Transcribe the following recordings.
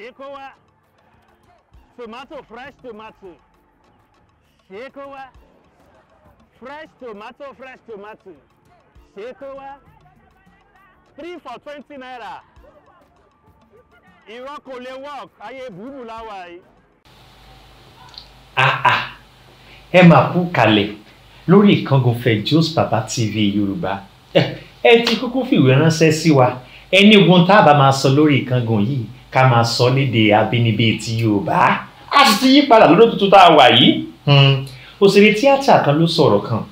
shekowa tomato fresh tomato shekowa fresh tomato fresh tomato shekowa three for twenty naira irọ́ kò lè work ayé ah ah ẹ máa kú kalẹ̀ lórí ìkángun baba tv yorùbá ẹ ti kúkú fìwé ránṣẹ́ sí wa ẹni ogun tá a bá ká máa sọ lédè abínibí ti Yorùbá a sì ti yí padà lọ́dún tuntun tá a wà yìí hmm. òṣèré tíátà kan ló sọ̀rọ̀ kan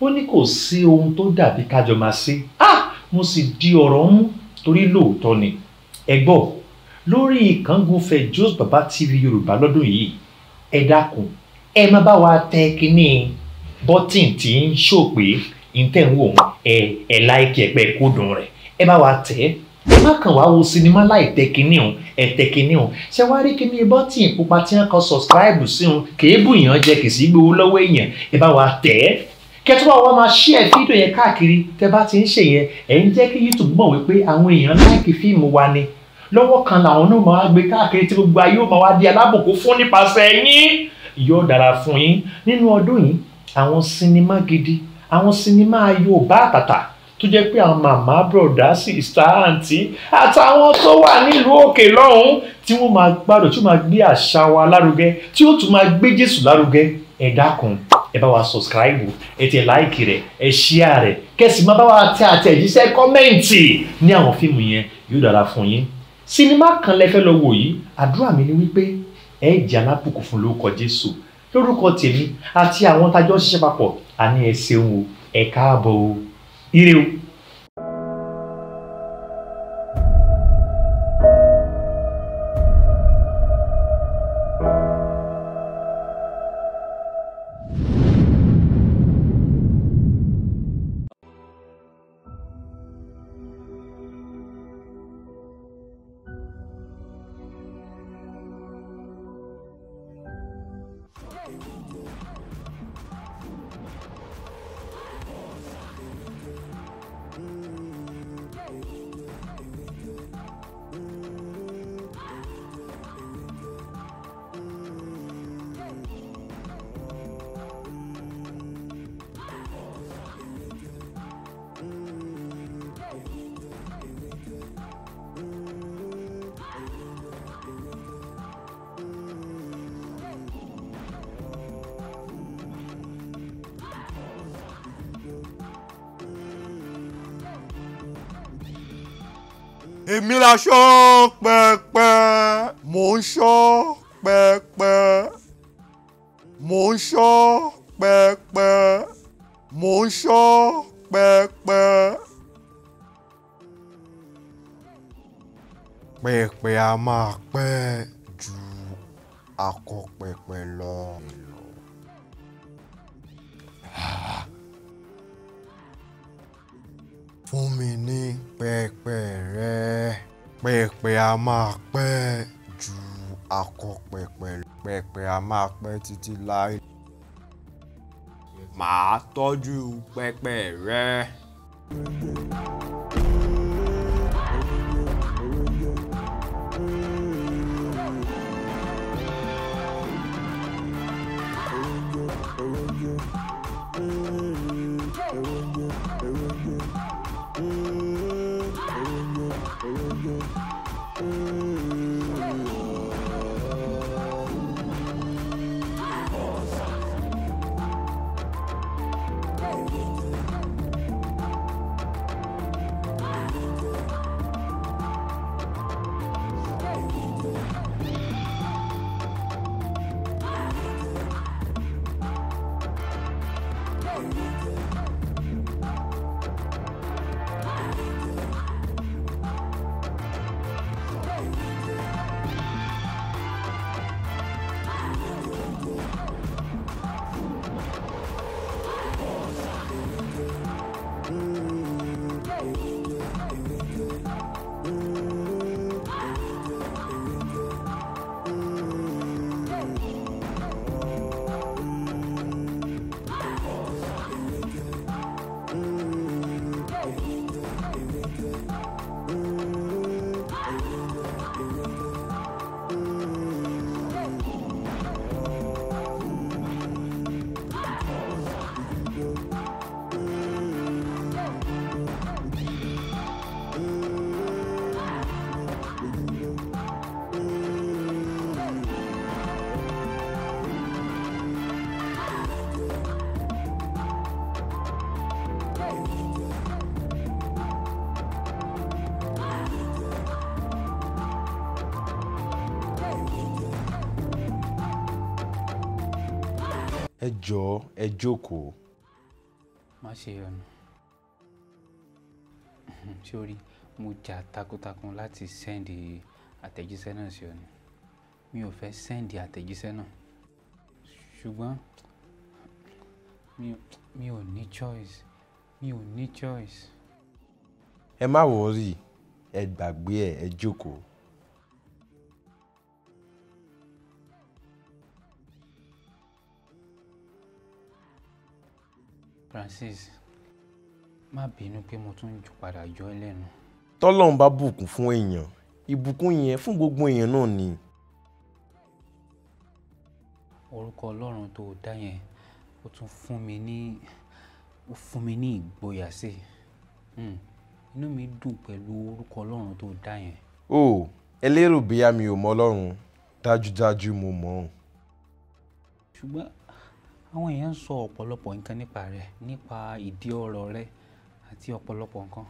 ó ní kò sí ohun tó dàbí kájọ máa ṣe ah! mo sì di ọ̀rọ̀ mú torí lóòótọ́ ni ẹ gbọ́ lórí ìkángun Fejosbaba baba TV Yorùbá lọ́dún yìí ẹ dákun ẹ má bá wa tẹ kínní bọ́tìn tí ń ṣòpè ìtẹ̀wò ẹ ẹ láìkí ẹ̀pẹ́ kódùn rẹ̀ ẹ bá wa tẹ̀ ẹ́ má kàn wá wo sinimá láì tẹ kinní ọ̀hún ẹ tẹ kinní ọ̀hún ṣé wá rí kinní bọ́tì pupa tí wọ́n kan subscribe sí ọ̀hún kéébù yàn jẹ kìsì gbowó lọ́wọ́ èèyàn ẹ bá wa tẹ̀ ẹ́ kẹtùbà wa máa share fídíò yẹn káàkiri tẹ bá ti ń ṣe yẹn ẹ ń jẹ́ kí YouTube mọ̀ wípé àwọn èèyàn láìkí fíìmù wa ni lọ́wọ́ kan làwọn náà máa gbé káàkiri tí gbogbo ayé ó máa wá di alábòkú fún nípasẹ̀ yín yóò dára fún yín nínú ọdún yìí gidi àwọn sinimá Yorùbá tó jẹ́ pé àwọn màmá bùrọ̀dá sìsá àǹtí àtàwọn tó wà nílùú òkè lọ́hùn tí wọ́n máa gbádùn tí wọ́n máa gbé àṣà wa lárugẹ tí ó tún máa gbé Jésù lárugẹ ẹ dákun ẹ bá wa sọsikiraibu ẹ tẹ láìkì rẹ ẹ ṣíà rẹ kẹsì máa bá wa tẹ àtẹ̀jíṣẹ́ kọ́mẹ́ǹtì ní àwọn fíìmù yẹn yóò dára fún yín sinimá kan lẹ fẹ́ lọ wò yìí àdúrà mi ni wípé ẹ jẹ́ alábùkún fún lórúkọ Jésù lórúkọ tèmi àti àwọn tájọ ṣiṣẹ́ papọ̀ àní ẹ ṣeun o ẹ káàbọ̀ o. Iriu. èmi la ṣọ́ pẹpẹ mò ń ṣọ́ pẹpẹ. a máa pẹ́ ju akọ̀pẹ̀pẹ̀ pẹ̀pẹ̀ a máa pẹ́ títí láé. Màá tọ́jú pẹpẹ rẹ. ẹ jọ̀ọ́ ẹ jókòó. má ṣe ọ̀nà sórí mo jà takuntakun láti sẹ́ndì àtẹ̀jíṣẹ́ náà sí ọ̀nà mi ò fẹ́ sẹ́ndì àtẹ̀jíṣẹ́ náà ṣùgbọ́n mi ò ní choice mi ò ní choice. ẹ má wọrí ẹ gbàgbé ẹ ẹ jókòó. Francis má bínú pé mo tún jù padà yọ ẹ́ lẹ́nu. tọ́lọ́run bá bùkún fún èèyàn ìbùkún yẹn fún gbogbo èèyàn náà ni. orúkọ ọlọ́run tó dá yẹn ó tún fún mi ní ó fún mi ní ìgboyà sí i hmm, inú mi dùn pẹ̀lú orúkọ ọlọ́run tó dá yẹn. o ẹlẹ́rù bíyà mi ò mọ ọlọ́run dájúdájú mo mọ̀ ọ́n. ṣùgbọ́n àwọn èèyàn ń sọ ọ̀pọ̀lọpọ̀ nǹkan nípa rẹ̀ nípa ìdí ọ̀rọ̀ rẹ̀ àti ọ̀pọ̀lọpọ̀ nǹkan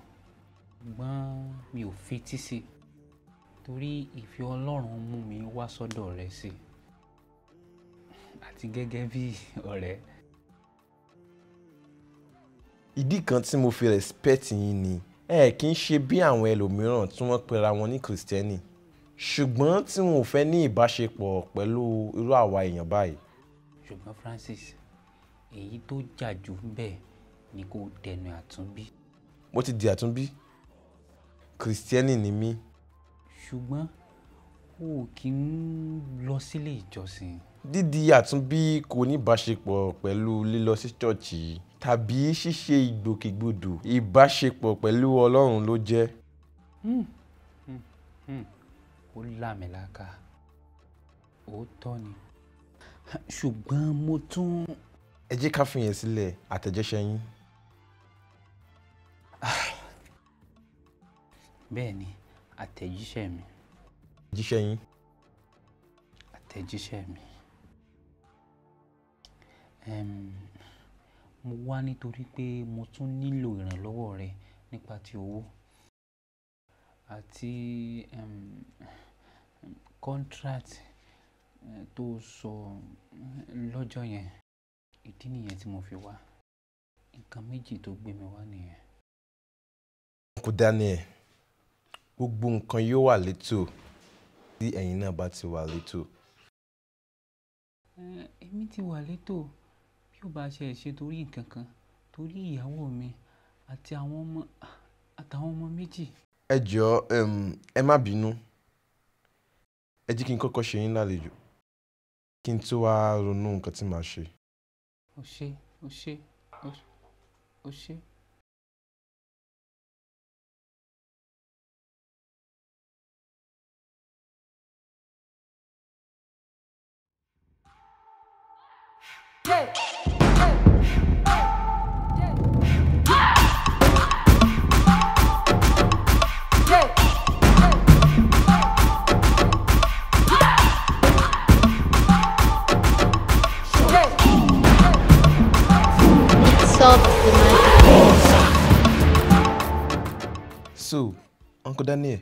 ṣùgbọ́n mi ò fetí sí torí ìfẹ́ Ọlọ́run mú mi wá sọ́dọ̀ rẹ̀ sí àti gẹ́gẹ́ bí ọ̀rẹ́. ìdí kan tí mo fi respect yín ni ẹ kì í ṣe bí àwọn ẹlòmíràn tí wọ́n pera wọn ní kìrìsìtẹ́nì ṣùgbọ́n tí wọn ò fẹ́ ní ìbáṣepọ̀ pẹ̀lú irú àwa èèyàn báyìí. ṣùgbọ́n Francis èyí tó jà jù bẹ́ẹ̀ ni kò dẹnu àtúnbí. mo ti di àtúnbí kìrìsìtẹ́nì ni mí. ṣùgbọ́n o kì í lọ sílé ìjọsìn. dídi àtúnbí kò ní ìbáṣepọ̀ pẹ̀lú lílọ sí ṣọ́ọ̀ṣì tàbí ṣíṣe ìgbòkègbodò ìbáṣepọ̀ pẹ̀lú ọlọ́run ló jẹ́. Hmm, hmm, hmm. ó làmìlaka òótọ́ ni ṣùgbọ́n mo tún ẹ jẹ́ ká fi yẹn sílẹ̀ àtẹ̀jẹ́ṣẹ́ yín. bẹ́ẹ̀ ni àtẹ̀jíṣẹ́ mi. àtẹ̀jíṣẹ́ yín. àtẹ̀jíṣẹ́ mi. mo wá nítorí pé mo tún nílò ìrànlọ́wọ́ rẹ nípa ti owó àti contract tó sọ lọ́jọ́ yẹn Ìdí nìyẹn tí mo fi wá. Nǹkan méjì tó gbé mi wá nìyẹn. Uncle Daniel, gbogbo nǹkan yóò wà létò tí ẹ̀yin náà bá ti wà létò. Èmi ti wà létò bí ó bá ṣe ṣe torí nǹkan kan, torí ìyàwó mi àti àwọn ọmọ, àtàwọn ọmọ méjì. Ẹ jọ̀ọ́, ẹ má bínú. Ẹ jẹ́ kí n kọ́kọ́ ṣe yín lálejò kí n tó wá ronú nǹkan tí màá ṣe. Oxi, oxi, oxi, oxi. uncle Daniel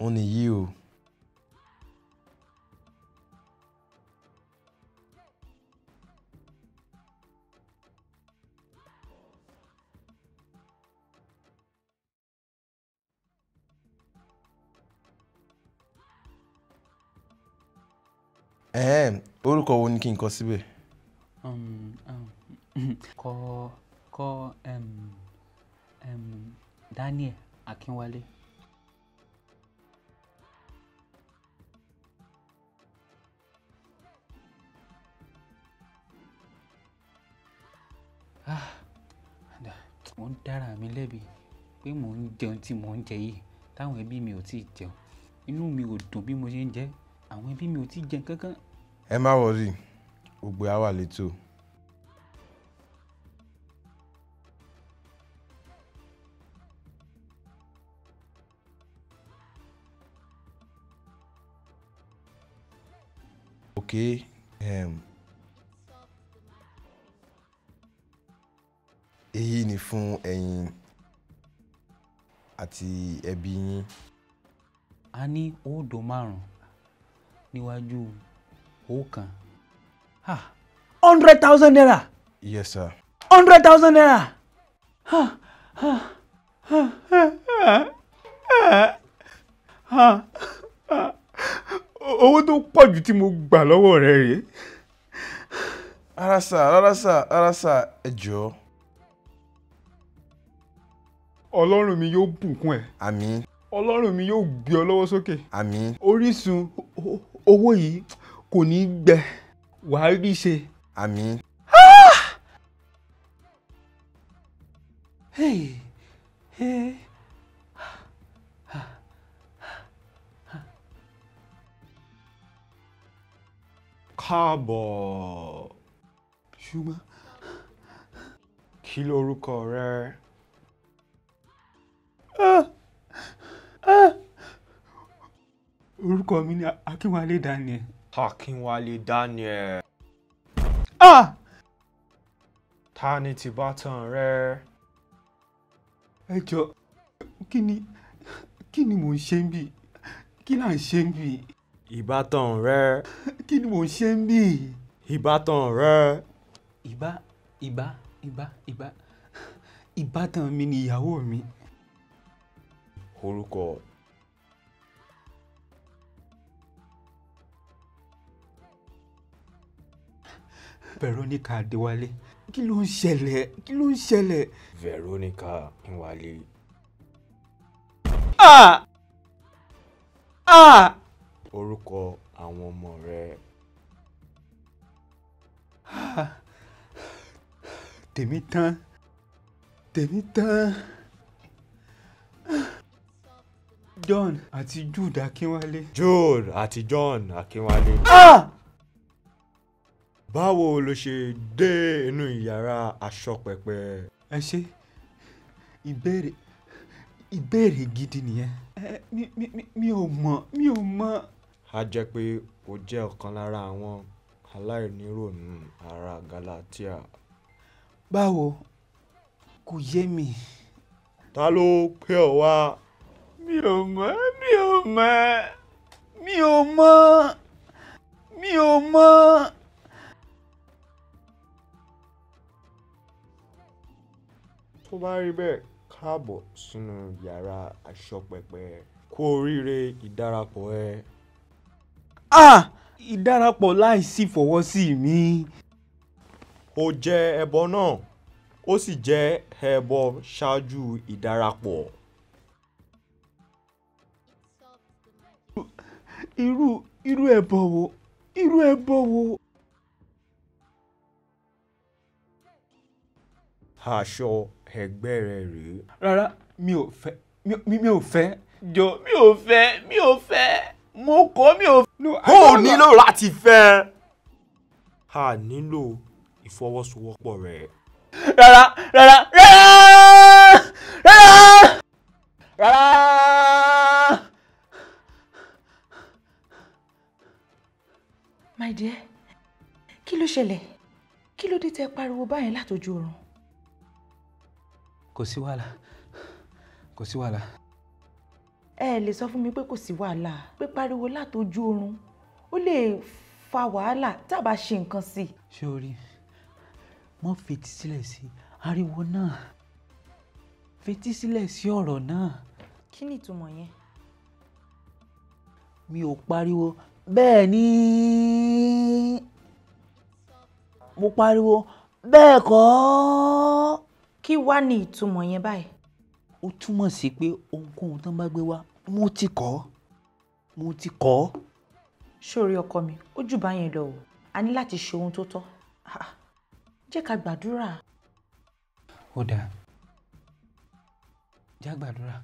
òun nìyí o. orúkọ wo ni kí n kọ síbẹ̀. Um, um, kọ kọ um, Daniel Akínwálé. Ah, mo ń dára mi lẹ́bi pé mò ń jẹun tí mò ń jẹ yìí táwọn ẹbí mi ò tí ì jẹun inú mi ò dùn bí mo ṣe ń jẹ àwọn ẹbí mi ò tí ì jẹun kankan. ẹ má wọrí ògbé á wà létò. òkè okay, um, èyí ni fún ẹ̀yin àti ẹbí yín. a ní òdo márùn-ún níwájú ọ̀kan hundred thousand naira. yes sir. hundred thousand naira. owó tó pọ̀ jù tí mo gbà lọ́wọ́ rẹ̀ rèé. rárá sà rárá sà rárá sà ẹ jọ̀ọ́ ọlọ́run mi yóò bùkún ẹ̀. àmín. ọlọ́run mi yóò gbé ọ lọ́wọ́ sókè. àmín. orísun owó yìí kò ní gbẹ wàá rí ṣe. àmín. Hey, hey. káàbọ̀ ṣùgbọ́n kí lorúkọ rẹ. orúkọ mi ni Akínwálé Daniel. Akínwálé Daniel. Ah! Ta ni tìbátan rẹ? Ẹ jọ kí ni kí ni mò ń ṣe ń bì? Kí là ń ṣe ń bì? Ìbátan rẹ. Kí ni mò ń ṣe ń bì? Ìbátan rẹ. Ìbá ìbá ìbá ìbá ìbátan mi ni ìyàwó mi. Orúkọ Veronica Adéwálé kí ló ń ṣẹlẹ̀ kí ló ń ṣẹlẹ̀. Veronica Adéwálé. ah ah. orúkọ àwọn ọmọ rẹ. tèmi tán tèmi tán. John àti Jude Akínwálé. Jude àti John Akínwálé. Ah! báwo ló ṣe dé inú yàrá aṣọ pẹpẹ. ẹ ṣe ìbéèrè ìbéèrè gidi nìyẹn. ẹ mi mi mi ò mọ̀ mi ò mọ̀. a jẹ́ pé o jẹ́ ọ̀kan lára àwọn aláìnírònú ará Galatia. báwo kò yé mi. ta ló pè ọ́ wá. mi ò mọ̀ mi ò mọ̀ mi ò mọ̀ mi ò mọ̀. tó bá rí bẹ́ẹ̀ káàbọ̀ sínú yàrá àṣọpẹpẹ kú oríire ìdárapọ̀ ẹ. ah ìdárapọ̀ láìsí ìfọwọ́sí mi. ó jẹ ẹbọ náà ó sì jẹ ẹbọ ṣáájú ìdárapọ̀. irú irú ẹbọ wo irú ẹbọ wo. aṣọ ẹgbẹ́ rẹ rèé. rárá mi ò fẹ́ mi ò fẹ́ jọ mi ò fẹ́ mi ò fẹ́ mo kọ́ mi ò. o nílò láti fẹ́ a nílò ìfọwọ́sowọ́pọ̀ rẹ. rárá rárá rárá rárá rárá. my dear kí ló ṣẹlẹ̀ kí ló dé tẹ pariwo báyẹn látọjú oorun kò sí wàhálà kò sí wàhálà. ẹ lè sọ fún mi pé kò sí wàhálà pé pariwo látojú oorun ó lè fa wàhálà tá a bá ṣe nǹkan sí i. ṣé o rí mo fetí sílẹ̀ sí ariwo náà fetí sílẹ̀ sí ọ̀rọ̀ náà. kí ni ìtumọ̀ yẹn. mi ò pariwo bẹ́ẹ̀ ni mo pariwo bẹ́ẹ̀ kọ́ kí wá ní ìtumọ̀ yẹn báyìí. ó túmọ̀ sí pé ohunkóhun tó ń bá gbé wá mo ti kọ́ mo ti kọ́. sórí ọkọ mi ó jù bá yẹn lọ o a ní láti ṣe ohun tó tọ́ jẹ́ ká gbàdúrà. ó dáa já gbàdúrà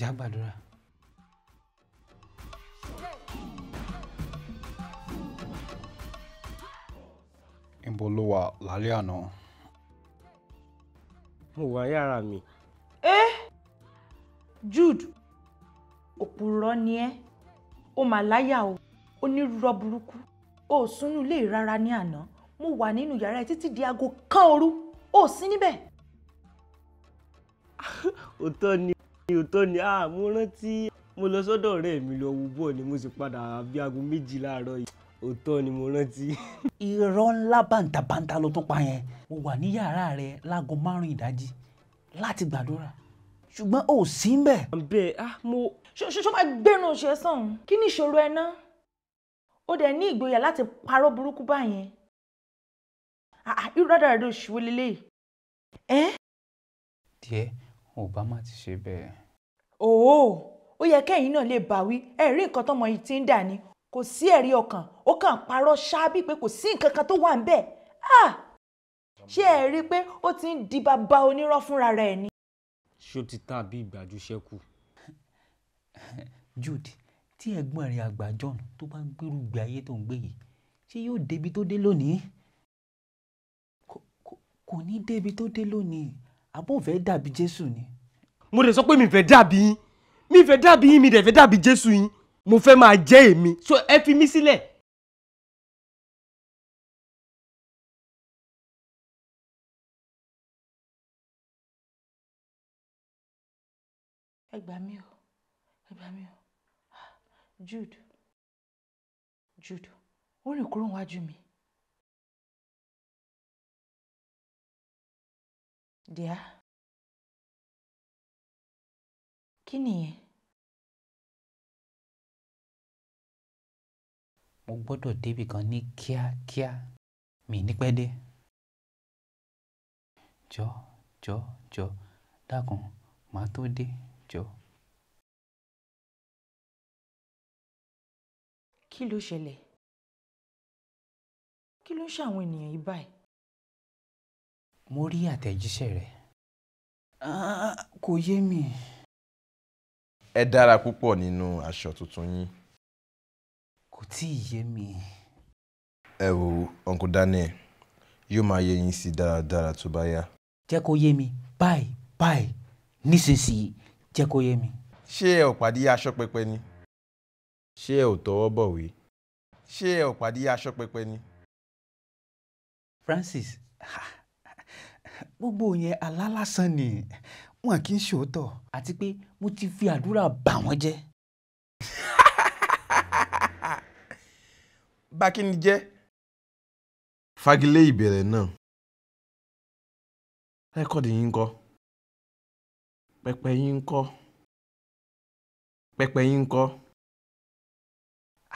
já gbàdúrà. ń bọ̀ ló wà lálẹ́ àná mo wà yàrá mi. ẹ eh! Jude òpùrọ́ ni ẹ́ o mà láyà o onírúurọ́ burúkú o ò súnú ilé rárá ní àná mo wà nínú yàrá ẹ títí di aago kan òru o ò sí níbẹ̀. òótọ́ ni òótọ́ ni ah, mo rántí mo lọ sọ́dọ̀ ọ̀rẹ́ mi lọ wo bọ́ọ̀ ni mo sì padà bí aago méjì láàárọ̀ yìí òótọ́ ni mo rántí. irọ́ ńlá bàǹtàbàǹtà ló tún pa yẹn mo wà ní yàrá rẹ láago márùn-ún ìdájí láti gbàdúrà ṣùgbọ́n ò sí ń bẹ̀. ah mo. ṣoṣo máa gbẹ́nu òṣìṣẹ́ sàn kí ni ìṣòro ẹ ná ó dẹ̀ ní ìgboyà láti parọ́ burúkú báyẹn irú dáadáa òṣìwò lélẹ́yìí. ẹ́. díẹ̀ ò bá má ti ṣe bẹ́ẹ̀. òó ó yẹ kẹ́yìn náà lè bá wí ẹ̀rí nǹkan tọmọ yìí ti ń dà ni kò sí ẹ̀rí ọkàn ó kàn parọ́ ṣáábì pé kò sí nǹkan kan tó wà ń bẹ̀ ah! ṣé ẹ rí i pé ó ti ń di bàbá onírọ́ fúnra rẹ̀ ni. ṣó ti tán àbí ìgbàjú ṣẹ́kù. Jude tí ẹ̀gbọ́n rẹ̀ àgbà John tó bá gbérù gbé ayé tó ń gbé yìí ṣé yóò débi tó dé lónìí kò ní débi tó dé lónìí àbò fẹ́ dàbí Jésù ni. mo lè sọ pé mi fẹ́ dàbí yín mi fẹ́ dàbí yín mi dẹ̀ fẹ́ dàbí Jésù yín mo fẹ́ máa jẹ́ èmi so ẹ fi mí sílẹ̀. ẹ gbà mí o ẹ gbà Jude Jude ó rìn kúrò wájú mi. díà kí nìyẹn. mo gbọ́dọ̀ débì kan ní kíákíá mi ní pẹ́ dé jọ jọ jọ dákun màá tó dé jọ. kí ló ṣẹlẹ̀ kí ló ń ṣàwọn ènìyàn yìí báyìí. mo rí àtẹ̀jíṣẹ́ rẹ̀ ah, kò yé mi. ẹ dára púpọ̀ nínú aṣọ tuntun yín kò tí ì yé mi. ẹ wo uncle Daniel yóò máa yé yín sí dáradára tó bá yá. jẹ́ kó yé mi báyìí báyìí nísinsìnyí jẹ́ kó yé mi. ṣé ẹ ò pàdé aṣọ pẹpẹ ni ṣé ẹ ò tọwọ́ bọ̀wé ṣé ẹ ò pàdé aṣọ pẹpẹ ni. Francis gbogbo yẹn alálásán ni wọn kì í ṣòótọ́ àti pé mo ti fi àdúrà bà wọ́n jẹ́. bà kíni jẹ́. fagilé ìbẹ̀rẹ̀ náà rẹ́kọ̀dì yín kọ́ pẹpẹ yín kọ́ pẹpẹ yín kọ́.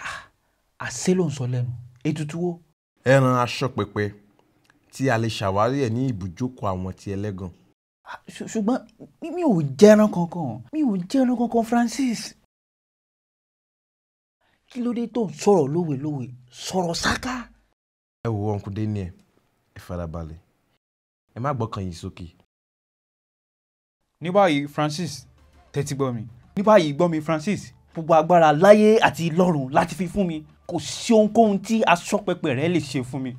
Ah, àṣé ló ń sọ lẹ́nu ètùtù wo. ẹran aṣọ pẹpẹ tí a lè ṣàwárí ẹ ní ibùjókòó àwọn ti ẹlẹ́gàn. Ah, ṣùgbọ́n mi ò jẹ́ran kankan mi ò jẹ́ran kankan Francis kí ló dé tó ń sọ̀rọ̀ lóòwèlóòwè sọ̀rọ̀ sáká. ẹ wo ọkùn dẹ́ni ẹ ẹ farabalẹ̀ ẹ má gbọ́kàn yìí sókè. ní báyìí Francis tẹ́tí gbọ́ mi ní báyìí gbọ́ mi Francis. gbogbo agbára láyé àti lọ́run láti fi fún mi kò sí ohunkóhun tí asọ́pẹpẹ rẹ lè ṣe fún mi.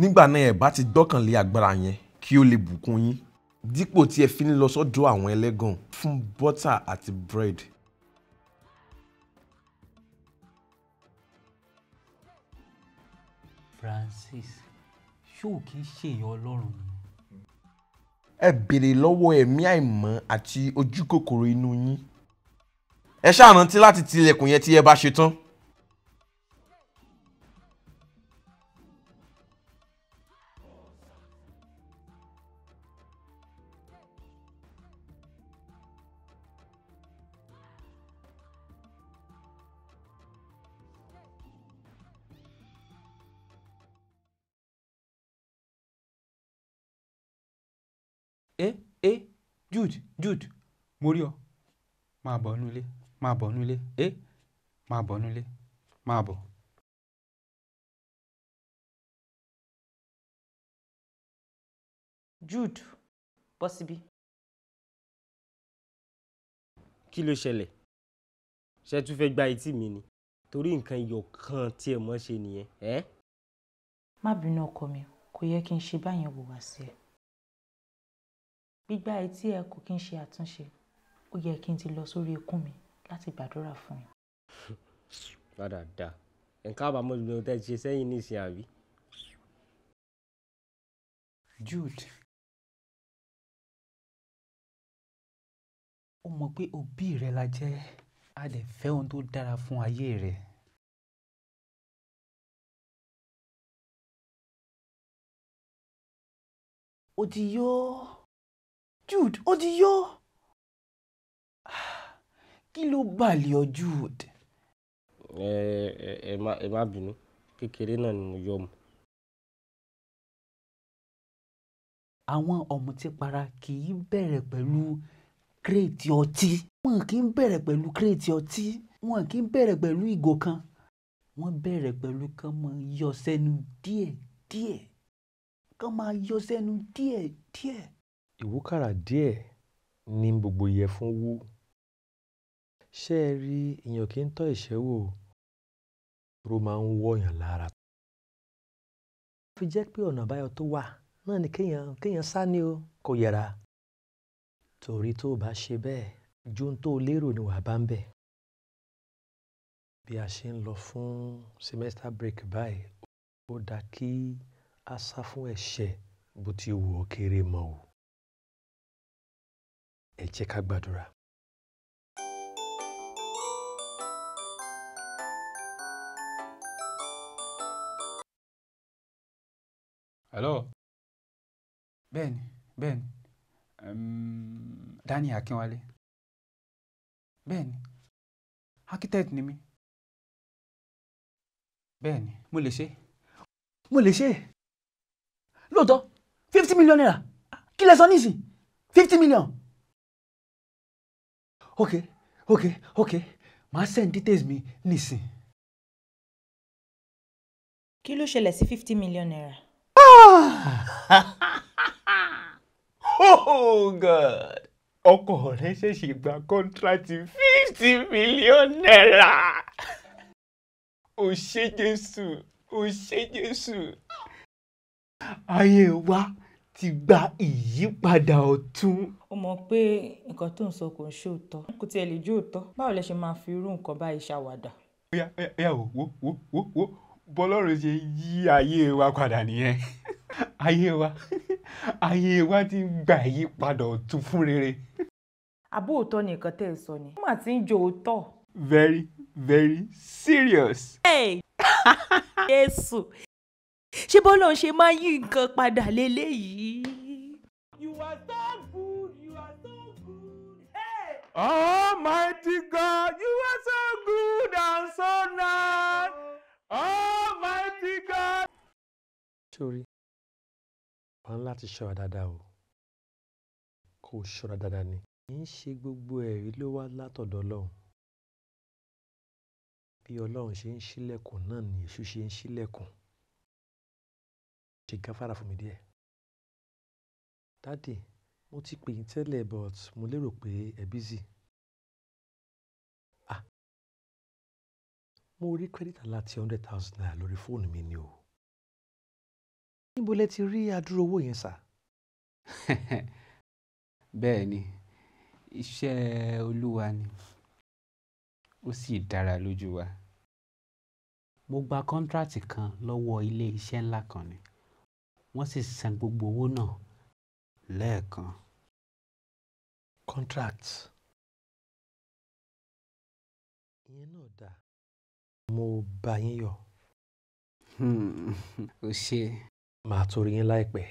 nígbà náà ẹ bá ti gbọ́kànlé agbára yẹn kí ó lè bùkún yín dípò tí ẹ fi ń lọ sọ́dọ̀ àwọn ẹlẹ́gàn fún bọ́tà àti búrẹ́dì Francis ṣóò kì í ṣèyàn ọlọ́run ni. ẹ béèrè lọ́wọ́ ẹ̀mí àìmọ́ àti ojú kòkòrò inú yín ẹ ṣáà rántí láti tilẹ̀kùn yẹn tí ẹ bá ṣe é eh, Jude Jude mo rí ọ máa bọ̀ nínú ilé máa bọ̀ nínú ilé é eh, máa bọ̀ nínú ilé máa bọ̀. Jude bọ́ síbí. kí ló ṣẹlẹ̀ ṣe tún fẹ́ gba etí mi ni torí nǹkan iyọ̀ kan tí ẹ mọ̀ ṣe nìyẹn. Eh? má bínú ọkọ mi kò yẹ kí n ṣe báyẹn wò wá sí ẹ gbígbá etí ẹ kò kí n ṣe àtúnṣe ó yẹ kí n ti lọ sórí ikún mi láti gbàdúrà fún ẹ. padà dá nǹkan àbámọ̀ ìgbìmọ̀ tẹ́ ṣe sẹ́yìn nísìnyí àbí. Jude ó mọ̀ pé òbí rẹ̀ la jẹ́ a lè fẹ́ ohun tó dára fún ayé rẹ̀. ó ti yóò. Jude ó ti yó kí ló bàlẹ̀ ọ Jude. ẹ ẹ ẹ má ẹ má bínú kékeré náà ni mo yọ mu. àwọn ọ̀mùtípara kì í bẹ̀rẹ̀ pẹ̀lú kírètì ọtí wọn kì í bẹ̀rẹ̀ pẹ̀lú kírètì ọtí wọn kì í bẹ̀rẹ̀ pẹ̀lú ìgò kan wọ́n bẹ̀rẹ̀ pẹ̀lú kán máa yọ sẹ́nu díẹ̀ díẹ̀ kán máa yọ sẹ́nu díẹ̀ díẹ̀ ìwúkàrà díẹ̀ ni gbogbo ìyẹ̀fun wú ṣé ẹ rí èèyàn kì í tọ́ ìṣẹ́ wò ó máa ń wọ̀yàn lára. ó fi jẹ́ pé ọ̀nà àbáyọ tó wà náà ni kéèyàn kéèyàn sá ni o kò yẹra torí tó bá ṣe bẹ́ẹ̀ ju ohun tó lérò ni wàá bá ń bẹ̀. bí a ṣe ń lọ fún semester break báyìí ó dáa kí a sá fún ẹ̀ṣẹ̀ bó ti wù ó kéré mọ́ o ẹ jẹ́ ká gbàdúrà. hello. bẹ́ẹ̀ni bẹ́ẹ̀ni um, Dani Akínwálé bẹ́ẹ̀ni architect ni mí bẹ́ẹ̀ni mo lè ṣe mo lè ṣe lóòótọ́ fifty million naira kí lẹ sọ nísìn fifty million ok ok ok màá send details mi nísìn. kí ló ṣẹlẹ̀ sí fifty million naira. Ah! oh god ọkọ rẹ ṣẹ̀ṣẹ̀ gba kọ́ńtrátì fifty million naira. ó ṣé Jésù ó ṣé ayé wa ti gba ìyípadà ọ̀tun. o mọ̀ pé nǹkan tó ń sọ kò ń ṣe òótọ́ kò tiẹ̀ lè jó òótọ́ báwo lẹ ṣe máa fi irú nǹkan báyìí ṣàwàdà. ó yá ó yá wò wò wò wò wò bọ́lọ́run ṣe yí ayé wa padà nìyẹn ayé wa ayé wa ti gba ìyípadà ọ̀tun fún rere. àbó òótọ́ ni nǹkan tẹ́ ẹ sọ ni. wọ́n ti ń jó òótọ́. very very serious. Hey. Jésù ṣé bọ́lá ń ṣe máa yí nǹkan padà lélẹ́yìí. you are Almighty God you are so good and so nice. Almighty God. sori wọn láti ṣọ́ra dáadáa o kò ṣọ́ra dáadáa ni kì í ṣe gbogbo ẹ̀rí ló wá látọ̀dọ̀ ọlọ́run bí ọlọ́run ṣe ń ṣílẹ̀kùn náà ni èṣù ṣe ń ṣílẹ̀kùn ṣe gáfárà fún mi díẹ̀. Daddy, mo ti pè yín tẹ́lẹ̀ but mo lérò pé ẹ busy. Ah! Mo rí credit alert hundred thousand naira lórí fóònù mi ni o. Níbo lẹ ti rí adúrú owó yẹn sir? Bẹ́ẹ̀ni, iṣẹ́ Olúwa ni, ó sì dára lójú wa. Mo gba contract kan lọ́wọ́ ilé iṣẹ́ ńlá kan ni wọ́n sì san gbogbo owó náà lẹ́ẹ̀kan. contract ìyẹn náà dáa mo bá yín yọ̀. Hmm. o ṣe. màá torí yín láìpẹ́.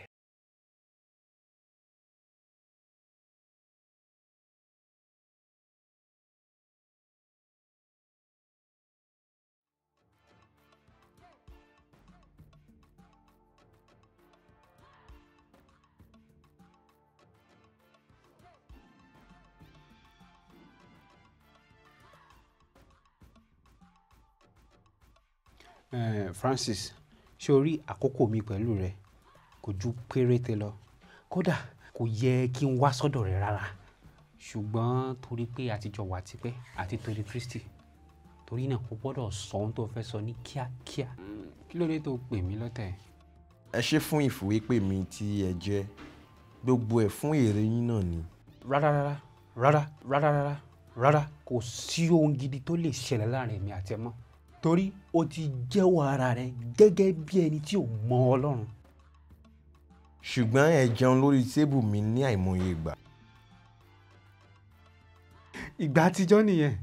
Eh, Francis ṣé o rí àkókò mi pẹ̀lú rẹ kò ju péréte lọ. Kódà kò yẹ kí n wá sọ́dọ̀ rẹ rárá. Ṣùgbọ́n torí pé a ti jọ wà tipẹ́ àti torí Kristi, torí náà o gbọ́dọ̀ sọ ohun tó fẹ́ sọ ní kíákíá. Kí ló dé tó pè mí lọ́tẹ̀? Ẹ ṣé fún ìfìwépè mi tí ẹ jẹ́. Gbogbo ẹ̀ fún èrè yín náà ni. Rárá, rárá, rárá, rárá, rárá, Kò sí ohun gidi tó lè ṣẹlẹ̀ láàárín èmi àti ẹ mọ́ torí o ti jẹ́wọ́ ara rẹ gẹ́gẹ́ bí ẹni tí ò mọ Ọlọ́run. ṣùgbọ́n ẹ jẹun lórí tébù mi ní àìmọye ìgbà. ìgbà àtijọ́ nìyẹn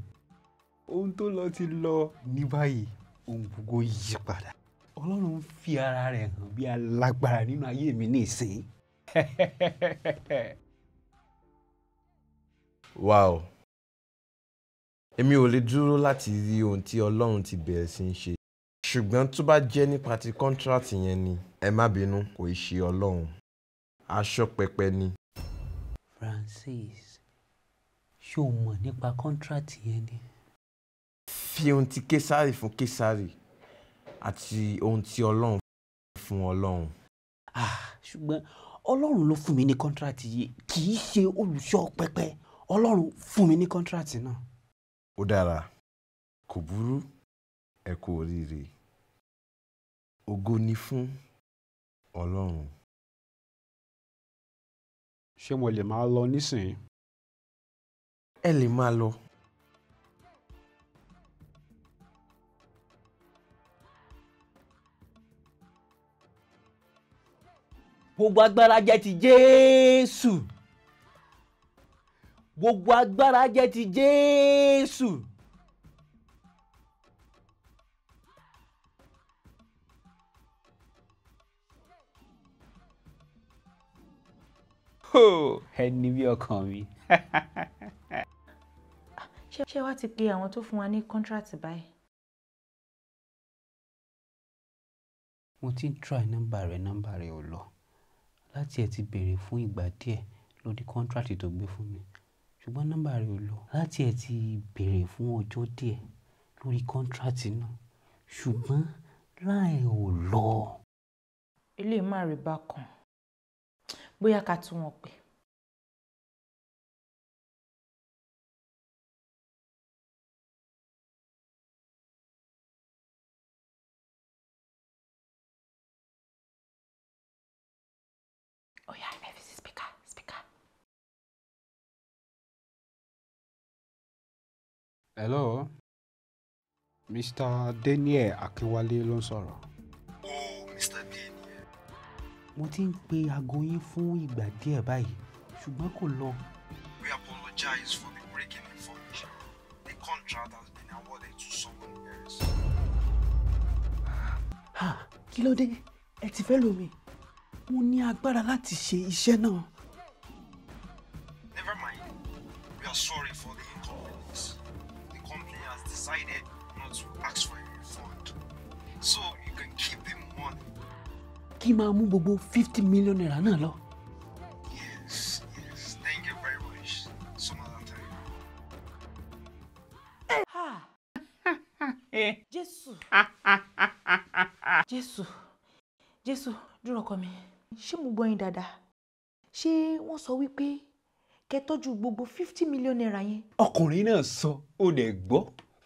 ohun tó lọ ti lọ ní báyìí ohun gbogbo yí padà Ọlọ́run fi ara rẹ̀ hàn bí alágbára nínú ayé mi ní ìsìn. wow. Èmi ò lè dúró láti rí ohun tí Ọlọ́run ti bẹ̀rẹ̀ sí í ṣe. Ṣùgbọ́n tó bá jẹ́ nípa ti contract yẹn ni, ẹ má bínú, kò ì ṣe Ọlọ́run. Aṣọ pẹpẹ ni. Francis, ṣé o mọ̀ nípa contract yẹn ni? Fi ohun ti Késárì fún Késárì àti ohun tí Ọlọ́run fún Ọlọ́run. Ah, ṣùgbọ́n Ọlọ́run ló fún mi ní contract yìí, kì í ṣe olùṣọ́ pẹpẹ. Ọlọ́run fún mi ní contract náà. Ó dára, kò burú, ẹ kú oríire. Ògo ni fún Ọlọ́run. Ṣé mo lè máa lọ nísìnyí? Ẹ lè máa lọ. Gbogbo agbára jẹ́ ti Jésù gbogbo agbára jẹ́ ti Jésù. ẹni bí ọkàn mi. ṣé wàá ti pe àwọn tó fún wa ní kọ́ńtrátì báyìí. mo ti ń try nọ́mbà rẹ̀ nọ́mbà rẹ̀ ò lọ láti ẹ̀ ti béèrè fún ìgbà díẹ̀ lórí kọ́ńtrátì tó gbé fún mi ṣùgbọ́n nọ́mbà rẹ̀ ò lọ láti ẹ̀ ti bèrè fún ọjọ́ díẹ̀ lórí contract náà ṣùgbọ́n láì ò lọ. ilé má rí bákan bóyá ká tún wọn pè. Ó yá. Hello, Mr. Daniel Akinwale ló ń sọ̀rọ̀. Oh, Mr. Daniel. Mo ti ń pe aago yín fún ìgbà díẹ̀ báyìí, ṣùgbọ́n kò lọ. We apologize for the breaking information. The contract has been awarded to someone else. Ah, kí ló dé? Ẹ ti fẹ́ lómi. Mo ní agbára láti ṣe iṣẹ́ náà. tí máa mú gbogbo fifty million naira náà lọ. yes thank you very much some other time. jésù jésù jésù dúró ọkọ mi ṣé mo gbọ́ yín dáadáa ṣé wọ́n sọ wípé kẹ́ tọ́jú gbogbo fifty million naira yẹn. ọkùnrin náà sọ ó dẹ̀ gbọ́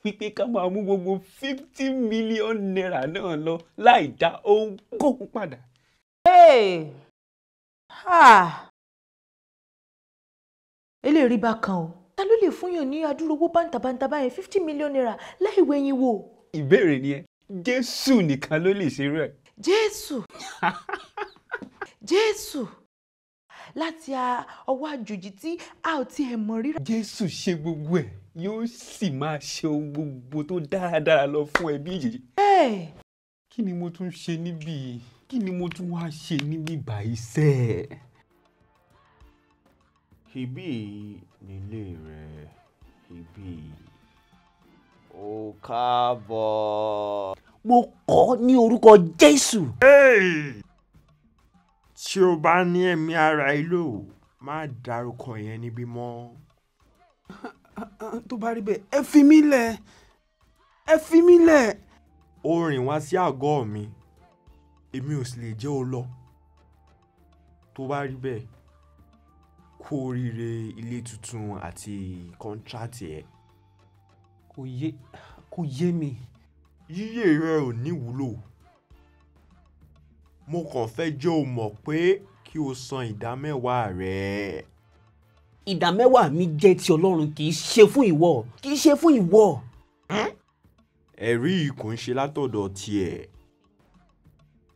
wípé ká máa mú gbogbo fifty million naira náà lọ láì dá ohunkóhun padà. Hey! Ah! Ele rí bákan o. Ta ló lè fúnyàn ní adúrówó bántabanta báyẹn fifty million naira láìwé yín wò? Ìbéèrè ni ẹ, Jésù nìkan ló lè ṣe rẹ̀. Jésù! Jésù! Láti ọwọ́ àjòjì tí a ò tiẹ̀ mọ̀ rírà. Jésù ṣe gbogbo ẹ̀ yóò sì máa ṣe ohun gbogbo tó dáradára lọ fún ẹbí yìí. Kí ni mo tún ṣe níbí kí ni mo tún wá ṣe níbí báyìí sẹ́ ẹ̀. ibí nílé rẹ ibí ò káàbọ̀. mo kọ́ ní orúkọ jésù. tí o bá ní ẹ̀mí ara ìlò má dárúkọ yẹn níbí mọ́. tó bá rí bẹ́ẹ̀ ẹ fi mí lẹ̀ ẹ fi mí lẹ̀. o rìn wá sí àgọ́ mi èmi ò sì lè jẹ́ o lọ tó bá rí bẹ́ẹ̀ kú oríire ilé tuntun àti kọ́ńtrátì ẹ̀. kò yé kò yé mi. yíyé rẹ ò níwúlò mo kàn fẹ́ jẹ́ o mọ̀ pé kí o san ìdámẹ́wàá rẹ. ìdámẹ́wàá mi jẹ́ ti ọlọ́run kì í ṣe fún ìwọ kì í ṣe fún ìwọ. ẹ̀rí kò ń ṣe látọ̀dọ̀ tiẹ̀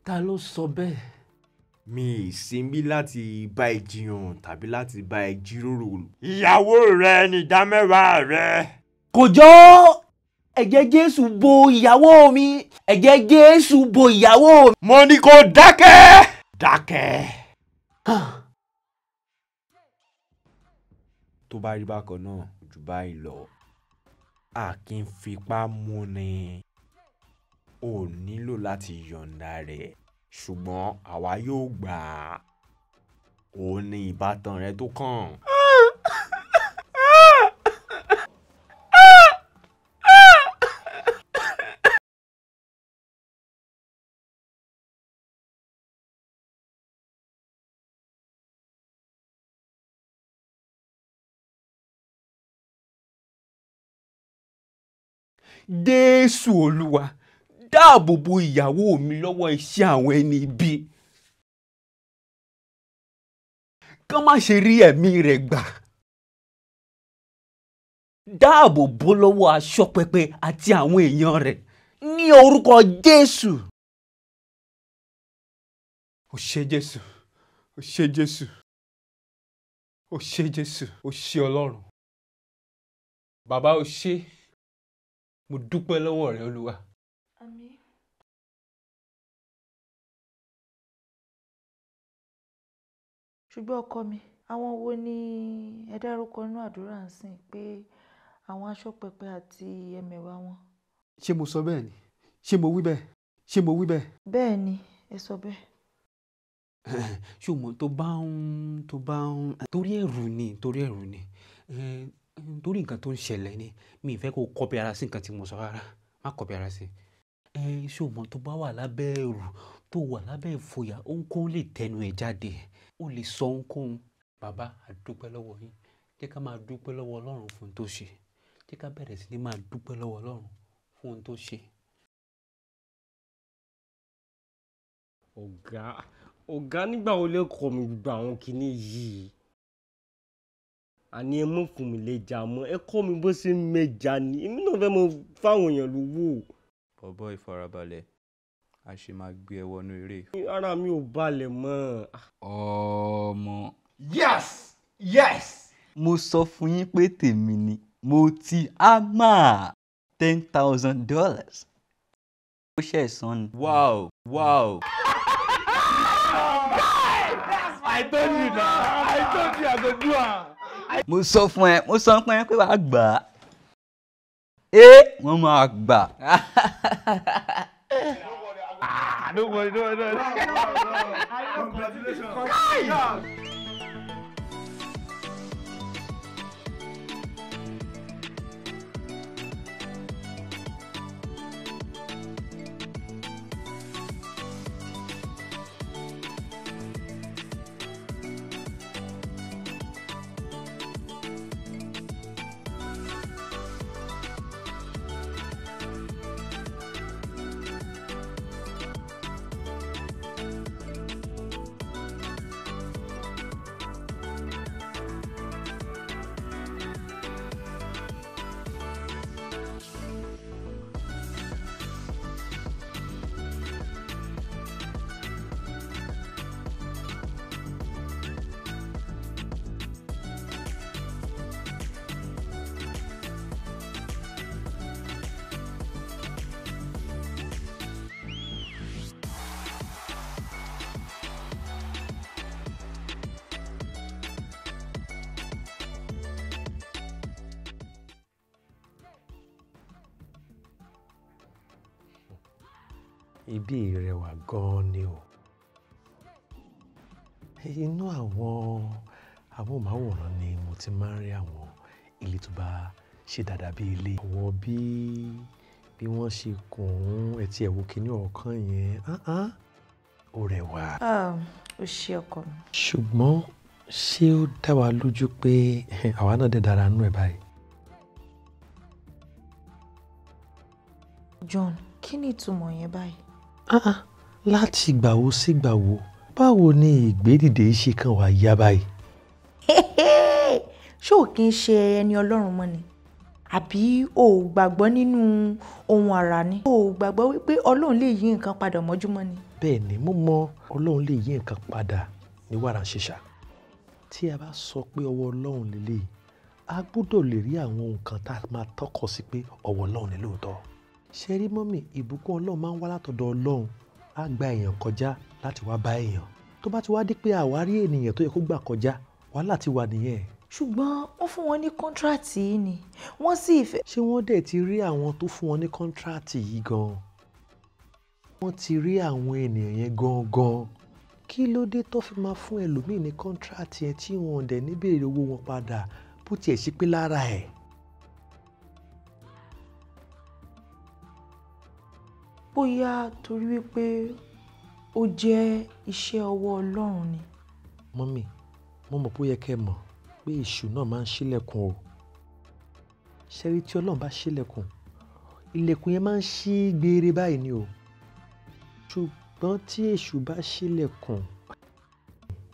ta ló sọ bẹ́ẹ̀? mi ì sinmi láti bá ẹ jiyàn tàbí láti bá ẹ jíròrò. ìyàwó rẹ ni ìdámẹ́wàá rẹ. kò jọ ẹ̀jẹ̀ jésù bo ìyàwó mi ẹ̀jẹ̀ jésù bo ìyàwó mi. mo ní kó dákẹ́. dákẹ́. tó bá rí bákan náà jù báyìí lọ a kì í fipá múni ò nílò láti yọ̀ǹda rẹ̀ ṣùgbọ́n àwa yóò gbà á òun ni ìbátan rẹ tó kàn. Jésù Olúwa dáàbò bo ìyàwó mi lọ́wọ́ iṣẹ́ àwọn ẹni ibi kán má ṣe rí ẹ̀mí rẹ̀ gbà dáàbò bo lọ́wọ́ aṣọ pẹpẹ àti àwọn èèyàn rẹ̀ ní orúkọ Jésù ó ṣé Jésù ó ṣé Jésù ó ṣé Jésù ó ṣé Ọlọ́run bàbá ó ṣé mo dúpẹ́ lọ́wọ́ rẹ Olúwa. ṣùgbọ́n ọkọ mi àwọn wo ni ẹ dárúkọ inú àdúrà ń sìn pé àwọn aṣọ́pẹpẹ àti ẹmẹ̀wà wọn. ṣé mo sọ bẹ́ẹ̀ ni ṣé mo wí bẹ́ẹ̀ ṣé mo wí bẹ́ẹ̀. bẹ́ẹ̀ ni ẹ sọ bẹ́ẹ̀. ṣùgbọ́n tó bá ń tó bá ń torí ẹ̀rù ni torí ẹ̀rù ni torí nǹkan tó ń ṣẹlẹ̀ ni mi ì fẹ́ kó kọ́bí ara sí nǹkan tí mo sọ rárá má kọ́bí ara sí ṣùgbọ́n tó bá wà lábẹ́ ẹ̀rù tó wà lábẹ́ ìfòyà ó ń kó lè tẹnu ẹ̀ jáde o lè sọ ohunkóhun bàbá a dúpẹ́ lọ́wọ́ yín jẹ́ ká máa dúpẹ́ lọ́wọ́ ọlọ́run fún ohun tó ṣe jẹ́ ká bẹ̀rẹ̀ sí ní máa dúpẹ́ lọ́wọ́ ọlọ́run fún ohun tó ṣe. ọ̀gá ọ̀gá nígbà wo lè kọ́ mi gbogbo àwọn kinní yìí àní ẹ mọ̀ fún mi lè jà mọ́ ẹ kọ́ mi bó ṣe ń mẹja ni èmi náà fẹ́ mọ fáwọn èèyàn lówó. bọ́bọ́ ìfarabalẹ̀ a ṣe máa gbé ẹ wọnú eré. ara mi ò balẹ̀ mọ́. ọmọ. yes yes. mo sọ fún yín pé tèmi ni mo ti hámà ten thousand dollars. ó ṣe ìsan ni. wow wow. I told you na I told you I go do am. mo sọ fún ẹ mo sọ fún ẹ pé wàá gbà á. ẹ wọ́n máa gbà. don't worry, don't worry. Congratulations. Congratulations. inú àwọn amóhùnmáwòrán ni mo ti máa ń rí àwọn ilé tó bá ṣe dáadáa bí ilé. Àwọn bí, bí wọ́n ṣe kùn ún, ẹ ti ẹ̀ ọ̀kan yẹn, ó rẹwà. Ah, ó ṣe ọkọ mi. Ṣùgbọ́n ṣé ó dá wa lójú pé àwa náà dẹ̀ dára nú ẹ̀ báyìí? John, kí ni ìtumọ̀ yẹn báyìí? Ah ah, láti ìgbà wo sí ìgbà wo báwo ni ìgbédìde ṣe kàn wá yá báyìí. ṣé ò kí ṣe ẹni ọlọ́run mọ́ ni àbí o ò gbàgbọ́ nínú ohun àrà ni o ò gbàgbọ́ wípé ọlọ́run lè yí nǹkan padà mọ́júmọ́ ni. bẹ́ẹ̀ ni mo mọ ọlọ́run lè yí nǹkan padà ní wàrà ṣíṣà tí a bá sọ pé ọwọ́ ọlọ́run lélẹ̀ a gbọ́dọ̀ lè rí àwọn nǹkan tá a máa tọ́kọ sí pé ọwọ́ ọlọ́run ni lóòótọ́ ṣe rí mọ́mì ìbùkún ọlọ́run máa ń wá látọ̀dọ̀ ọlọ́run á gba èèyàn kọjá láti wá bá èèyàn tó bá ti wá dé pé àwárí ènìyàn tó yẹ kó gbà kọjá wàhálà ti wà nìyẹn. ṣùgbọ́n wọ́n fún wọn ní kọ́ńtíráàtì yìí ni wọ́n sì fẹ́. ṣé wọ́n dẹ̀ ti rí àwọn tó fún wọn ní kọ́ńtíráàtì yìí gan-an wọ́n ti rí àwọn ènìyàn yẹn gan-an kí ló dé tó fi máa fún ẹlòmíì ní kọ́ńtíráàtì yẹn tí wọn dẹ̀ ní béèrè owó wọn padà bó tiẹ̀ ṣe pé lára ẹ̀. bóyá torí wípé ó jẹ́ iṣẹ́ ọwọ́ Ọlọ́run ni. mọ́mì mo mọ̀ pé ó yẹ kẹ́ ẹ mọ̀ pé èṣù náà máa ń ṣílẹ̀kùn o ṣẹ́rí tí Ọlọ́run bá ṣílẹ̀kùn ilẹ̀kùn yẹn máa ń ṣí gbére báyìí ni o ṣùgbọ́n tí èṣù bá ṣílẹ̀kùn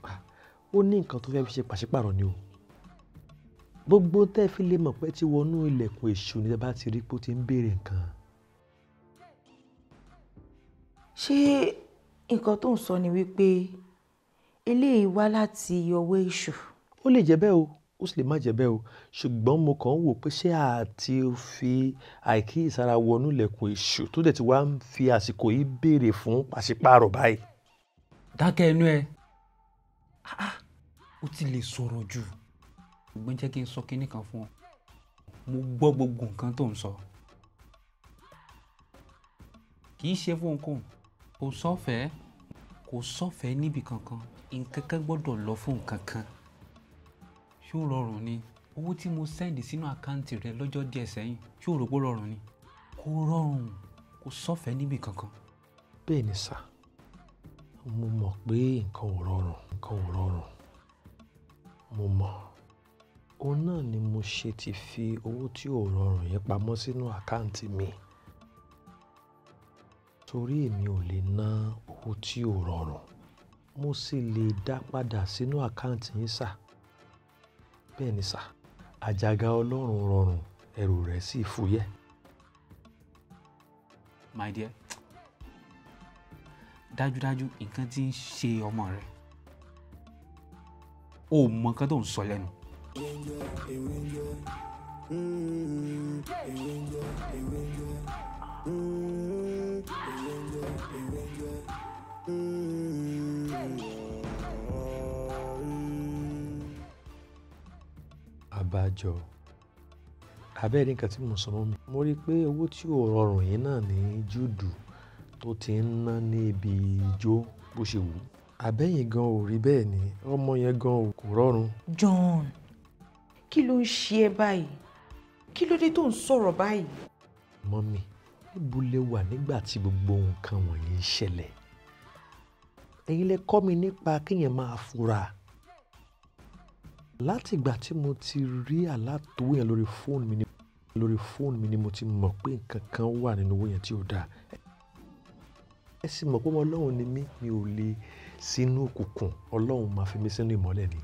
ah, ó ní nǹkan tó fẹ́ fi ṣe pàṣípàrọ̀ ni o gbogbo tẹ́ fi lè mọ̀ pé tí wọnú ilẹ̀kùn èṣù ni bá ti rí pé ó ti ń béèrè nǹkan. ṣé nǹkan tó ń sọ ni wípé eléyìí wá láti ọwọ́ èṣù. ó lè jẹ́ bẹ́ẹ̀ o ó sì lè má jẹ́ bẹ́ẹ̀ o ṣùgbọ́n mo kàn ń wò pé ṣé àti fi àìkíyèsára wọnú ilẹ̀kùn èṣù tó dẹ̀ ti wá ń fi àsìkò yìí béèrè fún pàṣípààrọ̀ báyìí. dákẹ́ ẹnu ẹ ó ti lè sọ̀rọ̀ jù ṣùgbọ́n jẹ́ kí n sọ kinní kan fún ọ mo gbọ́ gbogbo nǹkan tó ń sọ kì í ṣe fún ohunkóhun kò sọ́fẹ̀ẹ́ kò sọ́fẹ̀ẹ́ níbi kankan nǹkan kan gbọ́dọ̀ lọ fún nǹkan kan ṣó rọrùn ni owó tí mo sẹ́ndì sínú àkáǹtì rẹ lọ́jọ́ díẹ̀ sẹ́yìn o rò pé rọrùn ni kò rọrùn kò sọ́fẹ̀ẹ́ níbi kankan. bẹ́ẹ̀ ni sà mo mọ̀ pé nǹkan ò rọrùn nǹkan ò rọrùn mo mọ̀ òun náà ni mo ṣe ti fi owó tí ò rọrùn yẹn pamọ́ sínú àkáǹtì mi torí èmi ò lè ná owó tí ò rọrùn mo sì lè dá padà sínú àkáǹtì yín sà bẹ́ẹ̀ ni sà àjàgà ọlọ́run rọrùn ẹrù rẹ̀ sì fúyẹ́. my dear dájúdájú nǹkan tí ń ṣe ọmọ rẹ o mọ nǹkan tó ń sọ lẹ́nu. ewé ń jẹ Ìrẹ́njẹ, ìrẹ́njẹ. Àbájọ, abẹ́rẹ́ nǹkan tí mo sọ mọ́ mi. Mo rí i pé owó tí ò rọrùn yìí náà ní Júùdù tó ti ń ná ní ibi bó ṣe wù. Àbẹ́yìn gan ò rí bẹ́ẹ̀ ni, ọmọ yẹn gan ò kò rọrùn. John, kí ló ń ṣe ẹ́ báyìí? Kí ló dé tó ń sọ̀rọ̀ báyìí? Mọ́mì níbo lẹ wà nígbà tí gbogbo nǹkan wọ̀nyí ń ṣẹlẹ̀ ẹ̀yin lẹ kọ́ mi nípa kéèyàn máa fura láti ìgbà tí mo ti rí àlátòwò yẹn lórí fóònù mi ni lórí fóònù mi ni mo ti mọ̀ pé nǹkan kan wà nínú owó yẹn tí ò dáa ẹ sì mọ̀ pé ọlọ́run ni mí mi ò lè sínú òkùnkùn ọlọ́run máa fi mí sínú ìmọ́lẹ̀ ni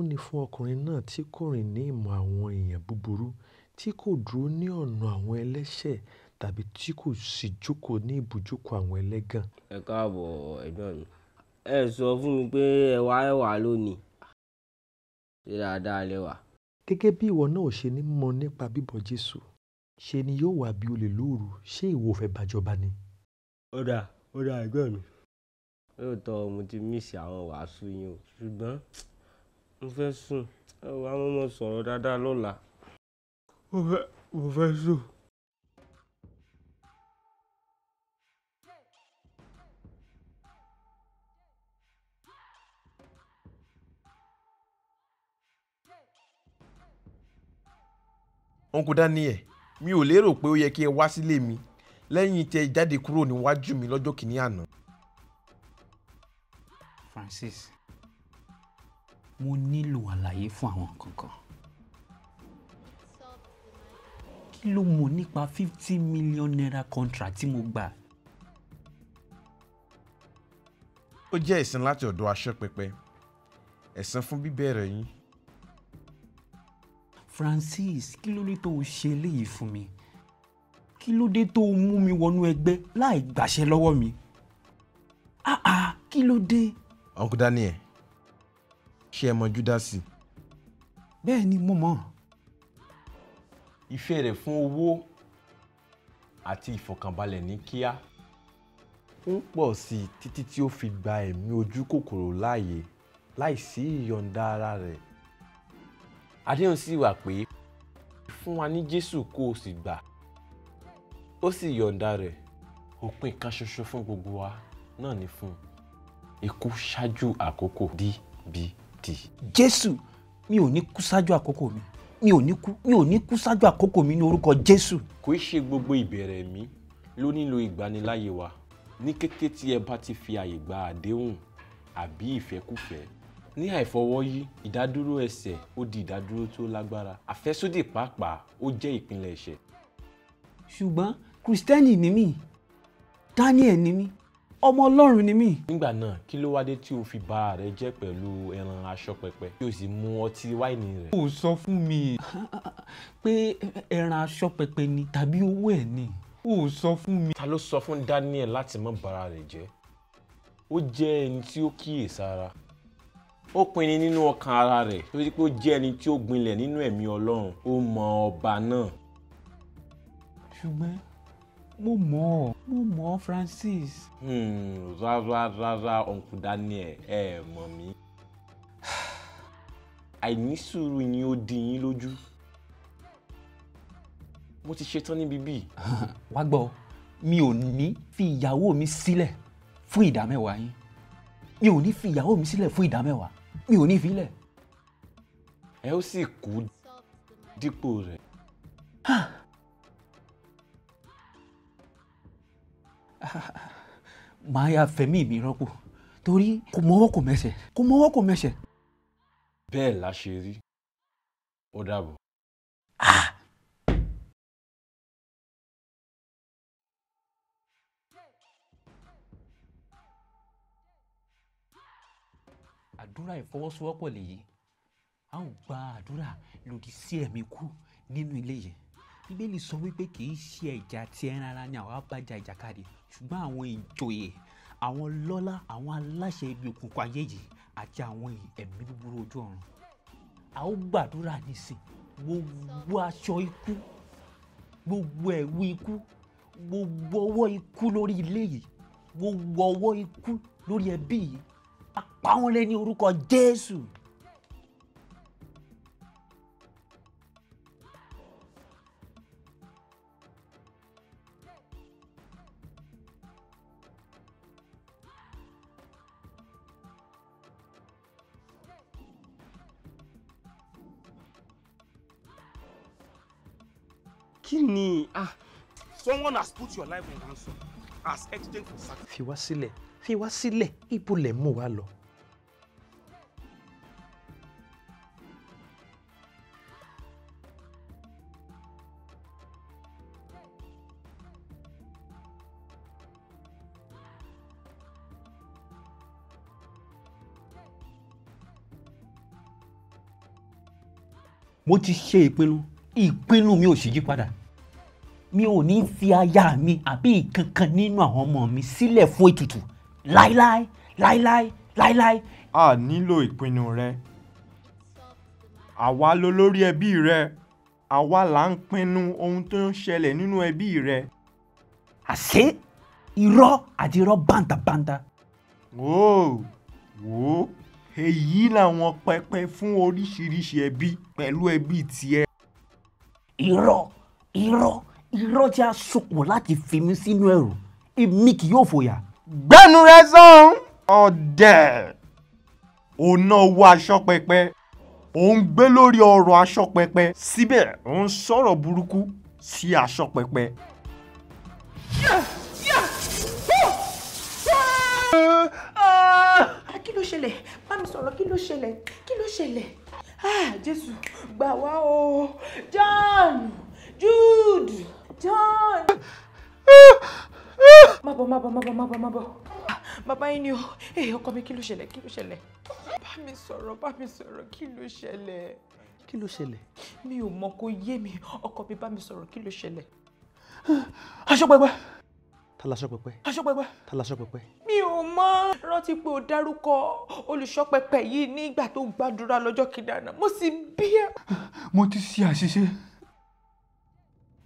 Ìbùkún ni fún ọkùnrin náà tí kò rìn ní ìmọ̀ àwọn èèyàn búburú, tí kò dúró ní ọ̀nà àwọn ẹlẹ́ṣẹ̀ tàbí tí kò sì jókòó ní ibùjókòó àwọn ẹlẹ́gàn. Ẹ káàbọ̀ ẹ̀gbọ́n mi. Ẹ sọ fún mi pé ẹwà ẹwà lónìí. Ṣé dáadáa lẹ Gẹ́gẹ́ bí ìwọ náà ṣe ní mọ̀ nípa bíbọ Jésù, ṣe ni yóò wá bí olè lóru, ṣé ìwọ fẹ́ gbàjọba ni? Ó dáa, ó dáa ẹ̀gbọ́n mi. Lóòótọ́ mo ti miss àwọn wàásù yín o, ṣùgbọ́n mo fẹ́ sùn ẹ wò á mọ̀ mọ̀ sọ̀rọ̀ dáadáa lọ́la mo fẹ́ mo fẹ́ sùn. uncle daniel mi ò lérò pé ó yẹ kí ẹ wá sílé mi lẹ́yìn tí ẹ jáde kúrò níwájú mi lọ́jọ́ kìíní àná. francis mo nílò àlàyé fún àwọn kankan. kí ló mọ̀ nípa fifty million naira contract tí mo gbà? ó jẹ́ ẹ̀sìn láti ọ̀dọ̀ aṣọ pẹpẹ ẹ̀sán fún bíbẹ̀rẹ̀ yín. Francis kí ló dé tó o ṣe eléyìí fún mi kí ló dé tó o mú mi wọnú ẹgbẹ́ láì gbàṣẹ lọ́wọ́ mi áà ah, ah, kí ló dé. uncle Daniel ṣé ẹ mọ júdásì bẹ́ẹ̀ ni mo mọ̀ ìfẹ́ rẹ̀ fún owó àti ìfọ̀kànbalẹ̀ ní kíá ń pọ̀ sí i títí tí ó fi gba ẹ̀mí ojú kòkòrò láàyè láìsí ìyọ̀ǹda ara rẹ̀ àdéhùn sì wà pé fún wa ní Jésù kó o sì gbà ó sì yọ̀ǹda rẹ̀ òpin kan ṣoṣo fún gbogbo wa náà ni fún ikú ṣáájú àkókò dbp dì jésù mi ò ní kú ṣáájú àkókò mi mi ò ní kú mi ò ní kú ṣáájú àkókò mi ní orúkọ jésù. kò ṣe gbogbo ìbẹ̀rẹ̀ mi ló nílò ìgbaniláyè wa ní kété tí ẹ bá ti fi àyè gba àdéhùn àbí ìfẹ́kùfẹ́ ní àìfọwọ́yí ìdádúró ẹsẹ̀ ó di ìdádúró tó lágbára àfẹ́sódì pàápàá ó jẹ́ ìpínlẹ̀ ẹ̀ṣẹ̀. ṣùgbọ́n kristẹni ni mí daniel ni mí ọmọ ọlọ́run ni mí. nígbà náà kí ló wá dé tí o fi ba ara rẹ jẹ́ pẹ̀lú ẹran aṣọ pẹpẹ tí o sì mu ọtí wáìnì rẹ. o sọ fún mi. pé ẹran aṣọ pẹpẹ ni tàbí owó ẹ̀ ni. o sọ fún mi. ta ló sọ fún Daniel láti má bara rẹ jẹ́ ó jẹ́ ẹni tí ó kíyèsára ó pinni nínú ọkàn ara rẹ̀ tó ti pé ó jẹ́ ẹni tí ó gbinlẹ̀ nínú ẹ̀mí ọlọ́run ó mọ ọba náà. ṣùgbọ́n mo mọ̀ ọ́ mo mọ̀ Francis. rárá hmm, rárá uncle Daniel ẹ mọ̀ mí àìní sùúrù yín ó di yín lójú mo ti ṣetán níbi bíi. wá gbọ́ mi ò ní fi ìyàwó mi sílẹ̀ fún ìdámẹ́wàá yín mi ò ní fi ìyàwó mi sílẹ̀ fún ìdámẹ́wàá mi ò ní ìfilẹ̀. ẹ ó sì kú dípò rẹ̀. màá ya fẹ̀mí mi rọ́pò torí kò mọ́wọ́ kò mẹsẹ̀ kò mọ́wọ́ kò mẹsẹ̀. bẹ́ẹ̀ la ṣe rí ó dàbọ̀. Ah! àdúrà ìfọwọ́sowọ́pọ̀ lèyí a ó gba àdúrà lòdì sí ẹ̀mí kú nínú ilé yìí bíbélì sọ wípé kì í ṣe ẹ̀jà ti ẹran ara ni àwa bá ja ìjàkadì ṣùgbọ́n àwọn ìjòyè àwọn lọ́lá àwọn aláṣẹ ibi òkùnkùn ayé yìí àti àwọn ẹ̀mí búburú ojú ọ̀run a ó gbàdúrà nísìn gbogbo aṣọ ikú gbogbo ẹ̀wù ikú gbogbo ọwọ́ ikú lórí ilé yìí gbogbo ọwọ́ ikú lórí ẹbí yìí a pa wọ́n ní orúkọ Jésù. someone has put your life in ransom as exchange for sacrifice. fi wá sílẹ̀ fi wá sílẹ̀ ibo mú wa lọ. mo ti ṣe ìpinnu ìpinnu mi ò sì yí padà mi ò ní fi aya mi àbí ìkankan nínú àwọn ọmọ mi sílẹ̀ fún ètùtù láíláí láíláí láíláí. a nílò ìpinnu rẹ àwa ló lórí ẹbí rẹ àwa là ń pinnu ohun tó ń ṣẹlẹ̀ nínú ẹbí rẹ. àṣé irọ́ àti irọ́ bàǹtàbàǹtà. wò wò èyí làwọn pẹpẹ fún oríṣiríṣi ẹbí pẹ̀lú ẹbí tiẹ̀. irọ́ irọ́ irọ́ tí a sopọ̀ láti fi mí sínú ẹ̀rù èmi kì yóò fòyà. gbẹ́nu rẹ sàn ọ̀dẹ̀ ò ná owó aṣọ pẹpẹ ò ń gbé lórí ọ̀rọ̀ aṣọ pẹpẹ síbẹ̀ ò ń sọ̀rọ̀ burúkú sí aṣọ pẹpẹ. Ah, kí ló ṣẹlẹ̀ bá mi sọ̀rọ̀ kí ló ṣẹlẹ̀ kí ló ṣẹlẹ̀ ah jésù gbà wá o john jude. John! Má bọ̀, má bọ̀, má Baba, má bọ̀, má bọ̀. Bàbá yín ni o, èyí ọkọ mi kilo ló kilo kí ló ṣẹlẹ̀? Bá mi sọ̀rọ̀, bá mi sọ̀rọ̀, kí ló ṣẹlẹ̀? Kí ló ṣẹlẹ̀? Mi ò mọ kó yé mi, ọkọ mi bá mi sọ̀rọ̀, kí ló ṣẹlẹ̀? Aṣọ pẹpẹ. Ta laṣọ pẹpẹ? Aṣọ pẹpẹ. Mi ò mọ rántí pé o dárúkọ olùṣọ́ pẹpẹ yìí nígbà tó gbàdúrà lọ́jọ́ kìnìún mo sì bí ẹ. Mo ti ṣe àṣìṣe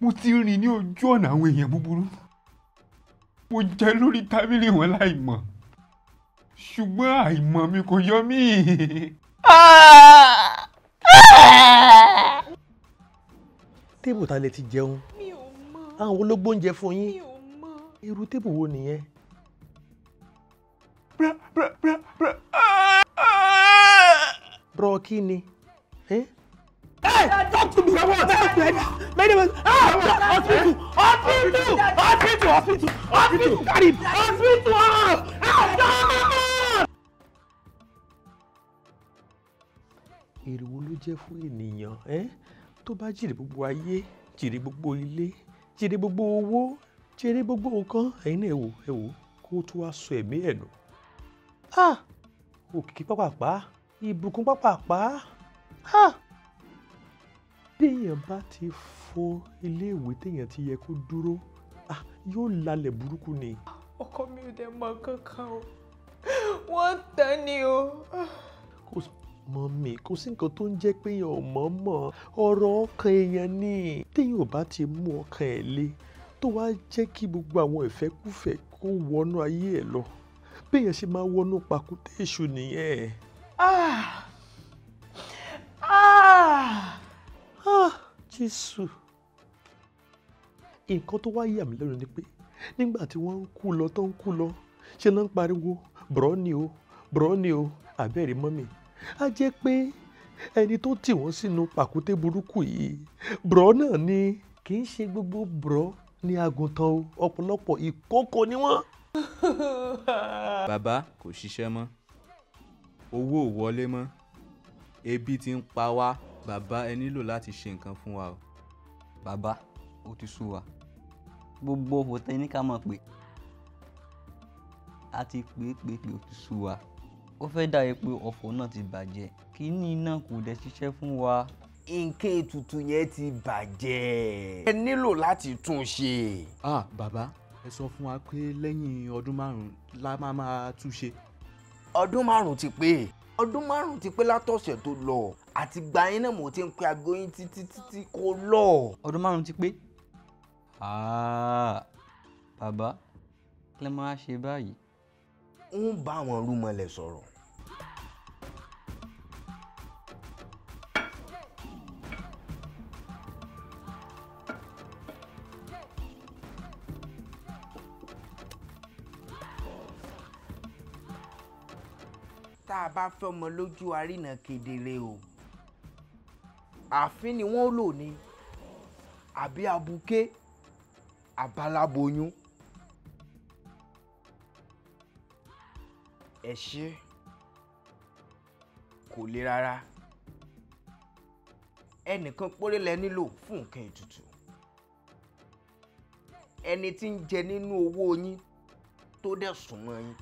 mo ti rìn ní ojú ọ̀nà àwọn èèyàn búburú mo jẹ lórí tábìlì wọn láìmọ̀ ṣùgbọ́n àìmọ̀ mi kò yọ mí. tébù ta lè ti jẹun àwọn ológbó ń jẹ fún yín irú tébù wo nìyẹn. bra bra bra bra. bra kí ni. Hey, talk to me. I want to talk to me you. Madam, ah, hospital, hospital, hospital, hospital, hospital, carry him, hospital, ah, èrè wo ló jẹ́ fún ènìyàn ẹ́ tó bá jèrè gbogbo ayé jèrè gbogbo ilé jèrè gbogbo owó jèrè gbogbo nǹkan ẹ̀yin náà ẹ wò ẹ wò kó tó wá sọ ẹ̀mí ẹ̀ nù. òkìkí pápápá ìbùkún pápápá téèyàn bá ti fo ilé ìwé téèyàn ti yẹ kó dúró ah yóò lalẹ̀ burúkú ni. ọkọ mi ò dẹ̀ mọ kankan o wọ́n ń tán ni o. kò mọ mi kò sí nǹkan tó ń jẹ́ pé èèyàn ò mọ̀ mọ̀ ọ̀rọ̀ ọkàn èèyàn ni téèyàn ò bá ti mú ọkàn ẹ̀ le tó wá jẹ́ kí gbogbo àwọn ìfẹ́kùfẹ́ kó wọnú ayé ẹ̀ lọ béèyàn ṣe máa wọnú pàkúté èṣù nìyẹn. ah ah. Ah, jésù nǹkan tó wá yà mí lẹ́nu ni pé nígbà tí wọ́n ń kú lọ tó ń kú lọ ṣe ló ń pariwo brọ́ni o brọ́ni o àbẹ́rẹ́ mọ́mì á jẹ́ pé ẹni tó tì wọ́n sínú pàkúté burúkú yìí brọ́ náà ni kì í ṣe gbogbo brọ́ ní àgùntàn ọ̀pọ̀lọpọ̀ ìkókò ni wọ́n. bàbá kò ṣiṣẹ́ mọ́ owó ò wọlé mọ́ ebi ti ń pa wá bàbá ẹ nílò láti ṣe nǹkan fún wa o. bàbá ó ti sú wa gbogbo òfò tẹ ní ká mọ̀ pé a ti pè é pé pé ó ti sú wa ó fẹ́ dàbí pé ọ̀fọ̀ náà ti bàjẹ́ kínní náà kò dẹ̀ ṣiṣẹ́ fún wa nǹkan ètùtù yẹn ti bàjẹ́. ẹ nílò láti tún ṣe. ah bàbá ẹ sọ fún wa pé lẹ́yìn ọdún márùn-ún la máa máa tún ṣe. ọdún márùn-ún ti pé ọdún márùn ti pé látọ̀sẹ̀ tó lọ àti gba yín náà mo ti ń pe aago yín títí títí kó lọ. ọdún márùn ti pé ah, bàbá kí lè máa ṣe báyìí. ń bá àwọn rúmọlẹ̀ sọ̀rọ̀ bá fẹ́ ọmọ lójú àrínà kedere o àfin ni wọ́n lò ní àbí abuké abalaboyún ẹ ṣe kò le rárá ẹnìkan péré lẹ nílò fún nǹkan ètùtù ẹni tí ń jẹ nínú owó yín tó dẹ̀ sùn mọ́ yín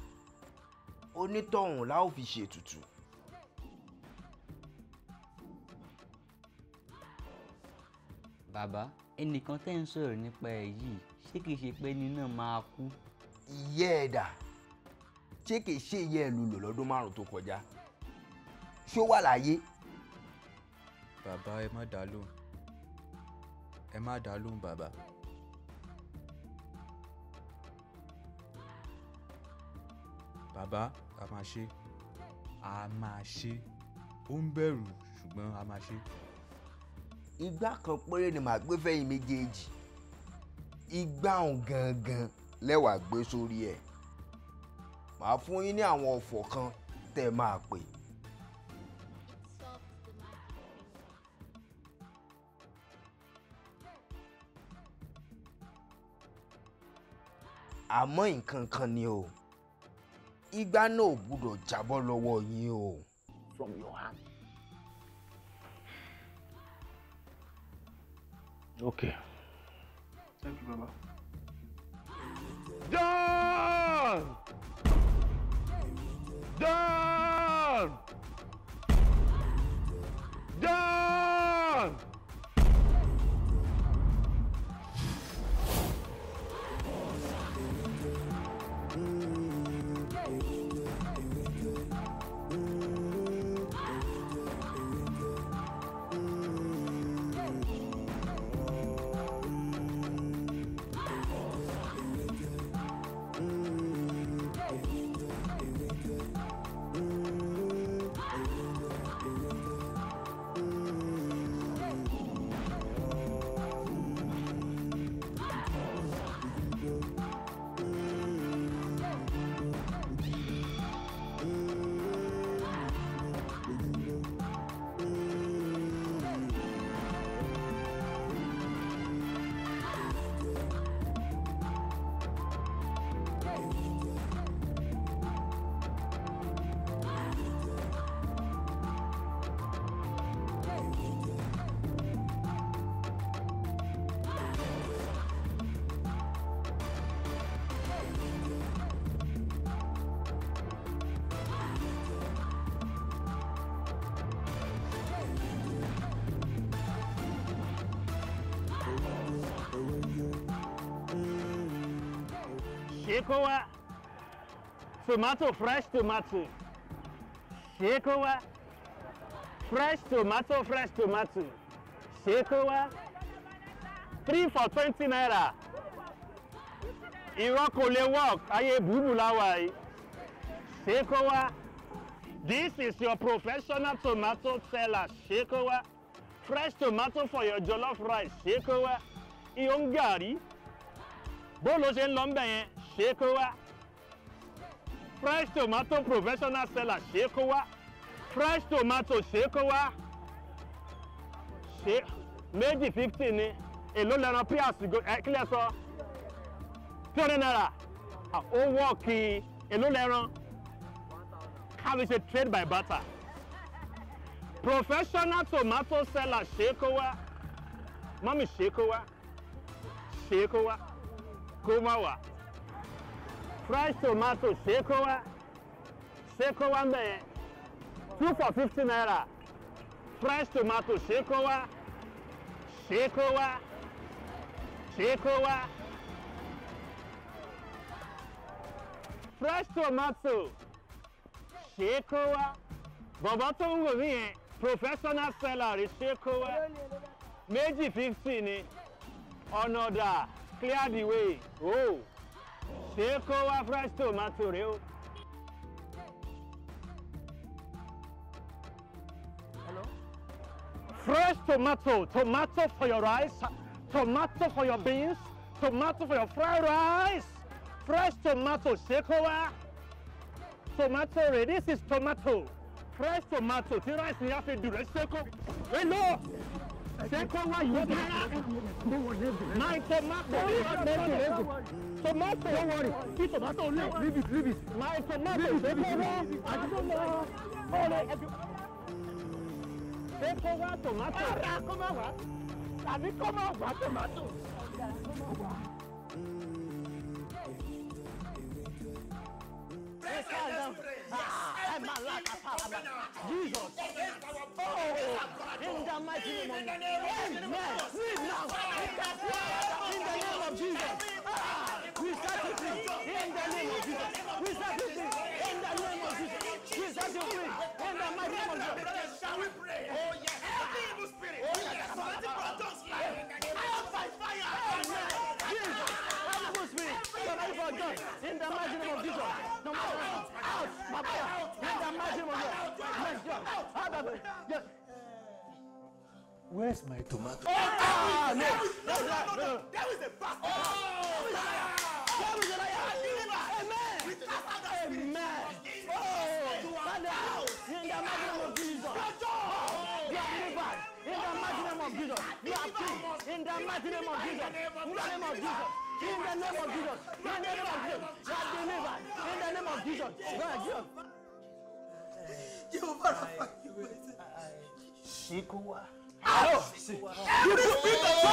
onítọ̀hún la ó fi ṣètùtù. bàbá ẹnìkan tẹ́ ń sọ̀rọ̀ nípa ẹ̀ yìí ṣé kìí ṣe pé ẹni náà máa kú. ìyẹ́ ẹ̀ dà ṣé kìí ṣe ìyẹ́ ẹ̀ lulò lọ́dún márùn-ún tó kọjá ṣó wà láyé. bàbá ẹ má dá lóhùn ẹ má dá lóhùn bàbá. bàbá a máa ṣe a máa ṣe ó ń bẹ̀rù ṣùgbọ́n a máa ṣe. ìgbà kan péré ni màá gbé fẹ́yìn méjèèjì ìgbà òun gangan lẹ́wàá gbé sórí ẹ̀ màá fún yín ní àwọn ọ̀fọ̀ kan tẹ́ máa pè. àmọ́ nǹkan kan ni o igbá náà ò gbúdọ̀ jábọ́ lọ́wọ́ yín o from your hand. okay. thank you baba. John! John! John! shekowa tomato fresh tomato shekowa fresh tomato fresh tomato shekowa three for twenty naira irọ́ kò lè work ayé búbù láwa yìí shekowa this is your professional tomato seller shekowa fresh tomato for your jollof rice shekowa ìyóngàrí bó ló Lombe. ń ṣé kó fresh tomato professional seller ṣé kó fresh tomato ṣé kó wá ṣé méjì fifty ni èló lẹ́ran píàs kílẹ̀ sọ three hundred naira ó wọ́ọ̀kì èló lẹ́ran have a trade by butter professional tomato seller ṣé kó wá mọ́mì ṣé kó wá kó má wá fresh tomato ṣèkówá ṣèkówá ń bẹ̀ yẹn two for fifty naira fresh tomato ṣèkówá ṣèkówá ṣèkówá fresh tomato ṣèkówá bọ̀bọ̀ tó ń wò mí yẹn professional salary ṣèkówá méjì fifty ni ọ̀nà clear the way. Oh. Seko afrasto matureu. Hello? Fresh tomato, tomato for your rice, tomato for your beans, tomato for your fried rice. Fresh tomato, sekowa. Eh, tomato ready, this is tomato. Fresh tomato, tí rice ni a fi dùn rẹ̀ seko. Hello! sẹ́kọ̀ tomato don't worry kí tomato lé leave it leave it máìkẹ́ má pè é sẹ́kọ̀ wá àdúgbò mọ́ ọ̀rẹ́ ẹ̀dùn sẹ́kọ̀ wá tomato ọ̀rẹ́ akọ́mọ̀ wá tàbí kọ́mọ̀ wá tomato. Yes, yes, yes. Ah, Jesus. Oh, in the mighty name of Amen. We now ah, in the name of Jesus. we start to free in the name of Jesus. We start to free in the name of Jesus. Jesus, start to in the mighty name of Jesus. Shall we pray? Oh yes. spirit. Oh yes. Somebody us life. Fire by fire. Amen. Jesus. Almighty In the mighty name of Jesus. No matter out, out, In the mighty name of God. Yes, God. Yes. Where's my tomato? Oh, ah, no. No, no, no, no. That was the first. Oh, that was the liar. Amen. Amen. Oh, Father, oh, in the mighty oh, name of Jesus. Oh, you are delivered. In the mighty name of Jesus. You are free. In the mighty name of Jesus. In the name of Jesus. In the name of Jesus. In the name of Jesus. You are delivered. In the name of Jesus. Go ahead, Jesus. Jehovah Rapha, you Shikuwa. Ah, oh, oh you put the Oh,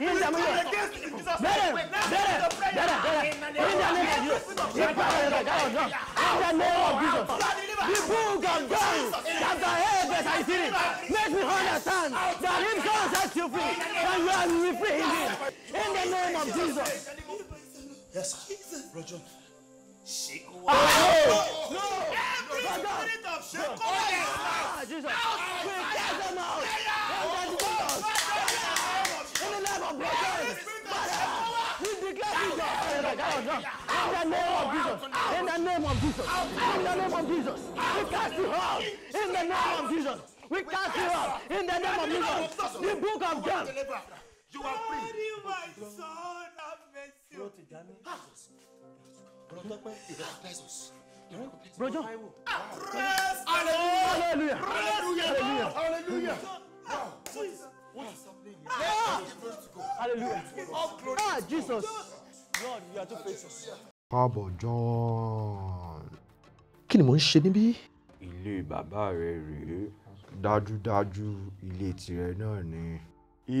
in the name of Jesus. In the name of Jesus. In the name the book of John, chapter 8, verse 18, makes me understand that Him God sets you free, and you are really in Him. In the name of Jesus. Yes, sir. Roger. Shake Oh, no. no. Every spirit of shame. away is now. Jesus. Out. We cast them out. In the name of Jesus. In the name of Jesus the glass is off. In the name of Jesus. In the name of Jesus. In the name of Jesus. We cast you out. In the name of Jesus. We cast you out. In the name of Jesus. The book of John. You are free. Daddy, my son, have mercy. Jesus. Ah. Brojo. Ah, praise Hallelujah. Hallelujah. Hallelujah. Hallelujah. Ah! Hallelujah. All glory. Ah, Jesus. Lord, you are too faithful. Káàbọ̀ John. kini mo mò ń ṣe baba Ilé bàbá rẹ rèé. Dájúdájú ilé tirẹ̀ náà ni.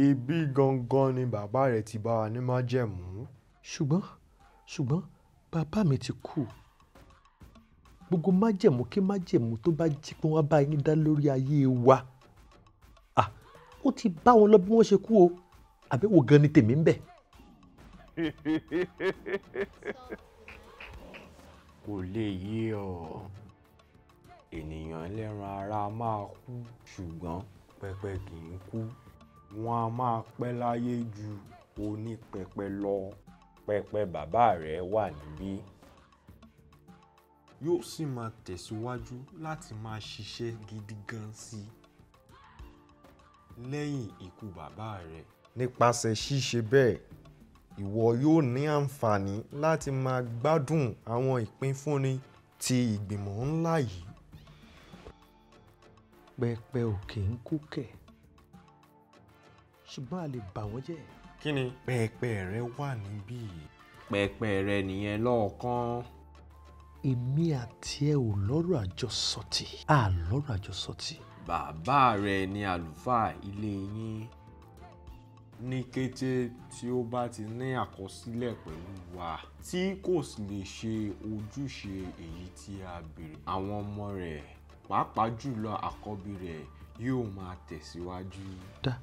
Ibi gangan ni bàbá rẹ ti bá wa ní májẹ̀mú. Ṣùgbọ́n ṣùgbọ́n bàbá mi ti kú gbogbo májẹ̀mú kí májẹ̀mú tó bá jí pé wọ́n bá yín dá lórí ayé wa ó ti bá wọn lọ bí wọ́n ṣe kú o àbẹ̀wò gan ni tèmi ń bẹ̀. kò lè yé ọ ènìyàn ẹlẹ́ran ara máa kú ṣùgbọ́n pẹpẹ kì í kú wọn a máa pẹ́ láyé ju onípẹpẹ lọ pẹpẹ bàbá rẹ wà níbí yóò sì máa tẹ̀síwájú láti máa ṣiṣẹ́ gidi gan sí i lẹ́yìn ikú bàbá rẹ̀. nípasẹ̀ ṣíṣe bẹ́ẹ̀ ìwọ yóò ní àǹfààní láti máa gbádùn àwọn ìpínfúnni ti ìgbìmọ̀ ńlá yìí. pẹpẹ òkè ń kúkẹ ṣùgbọ́n a lè bà wọ́n jẹ́. kí ni. pẹpẹ rẹ wà níbí. pẹpẹ rẹ nìyẹn lọ́ọ̀kan. èmi àti ẹ ò lọ́rọ̀ àjọsọtì. a lọ́rọ̀ àjọsọtì bàbá rẹ̀ ni àlùfáà ilé yín ní kété tí ó bá ti ní àkọsílẹ̀ pẹ̀lú wa tí kò lè ṣe ojúṣe èyí tí a béèrè àwọn ọmọ rẹ̀ pàápàá jùlọ àkọ́bí rẹ̀ yóò máa tẹ̀síwájú. dá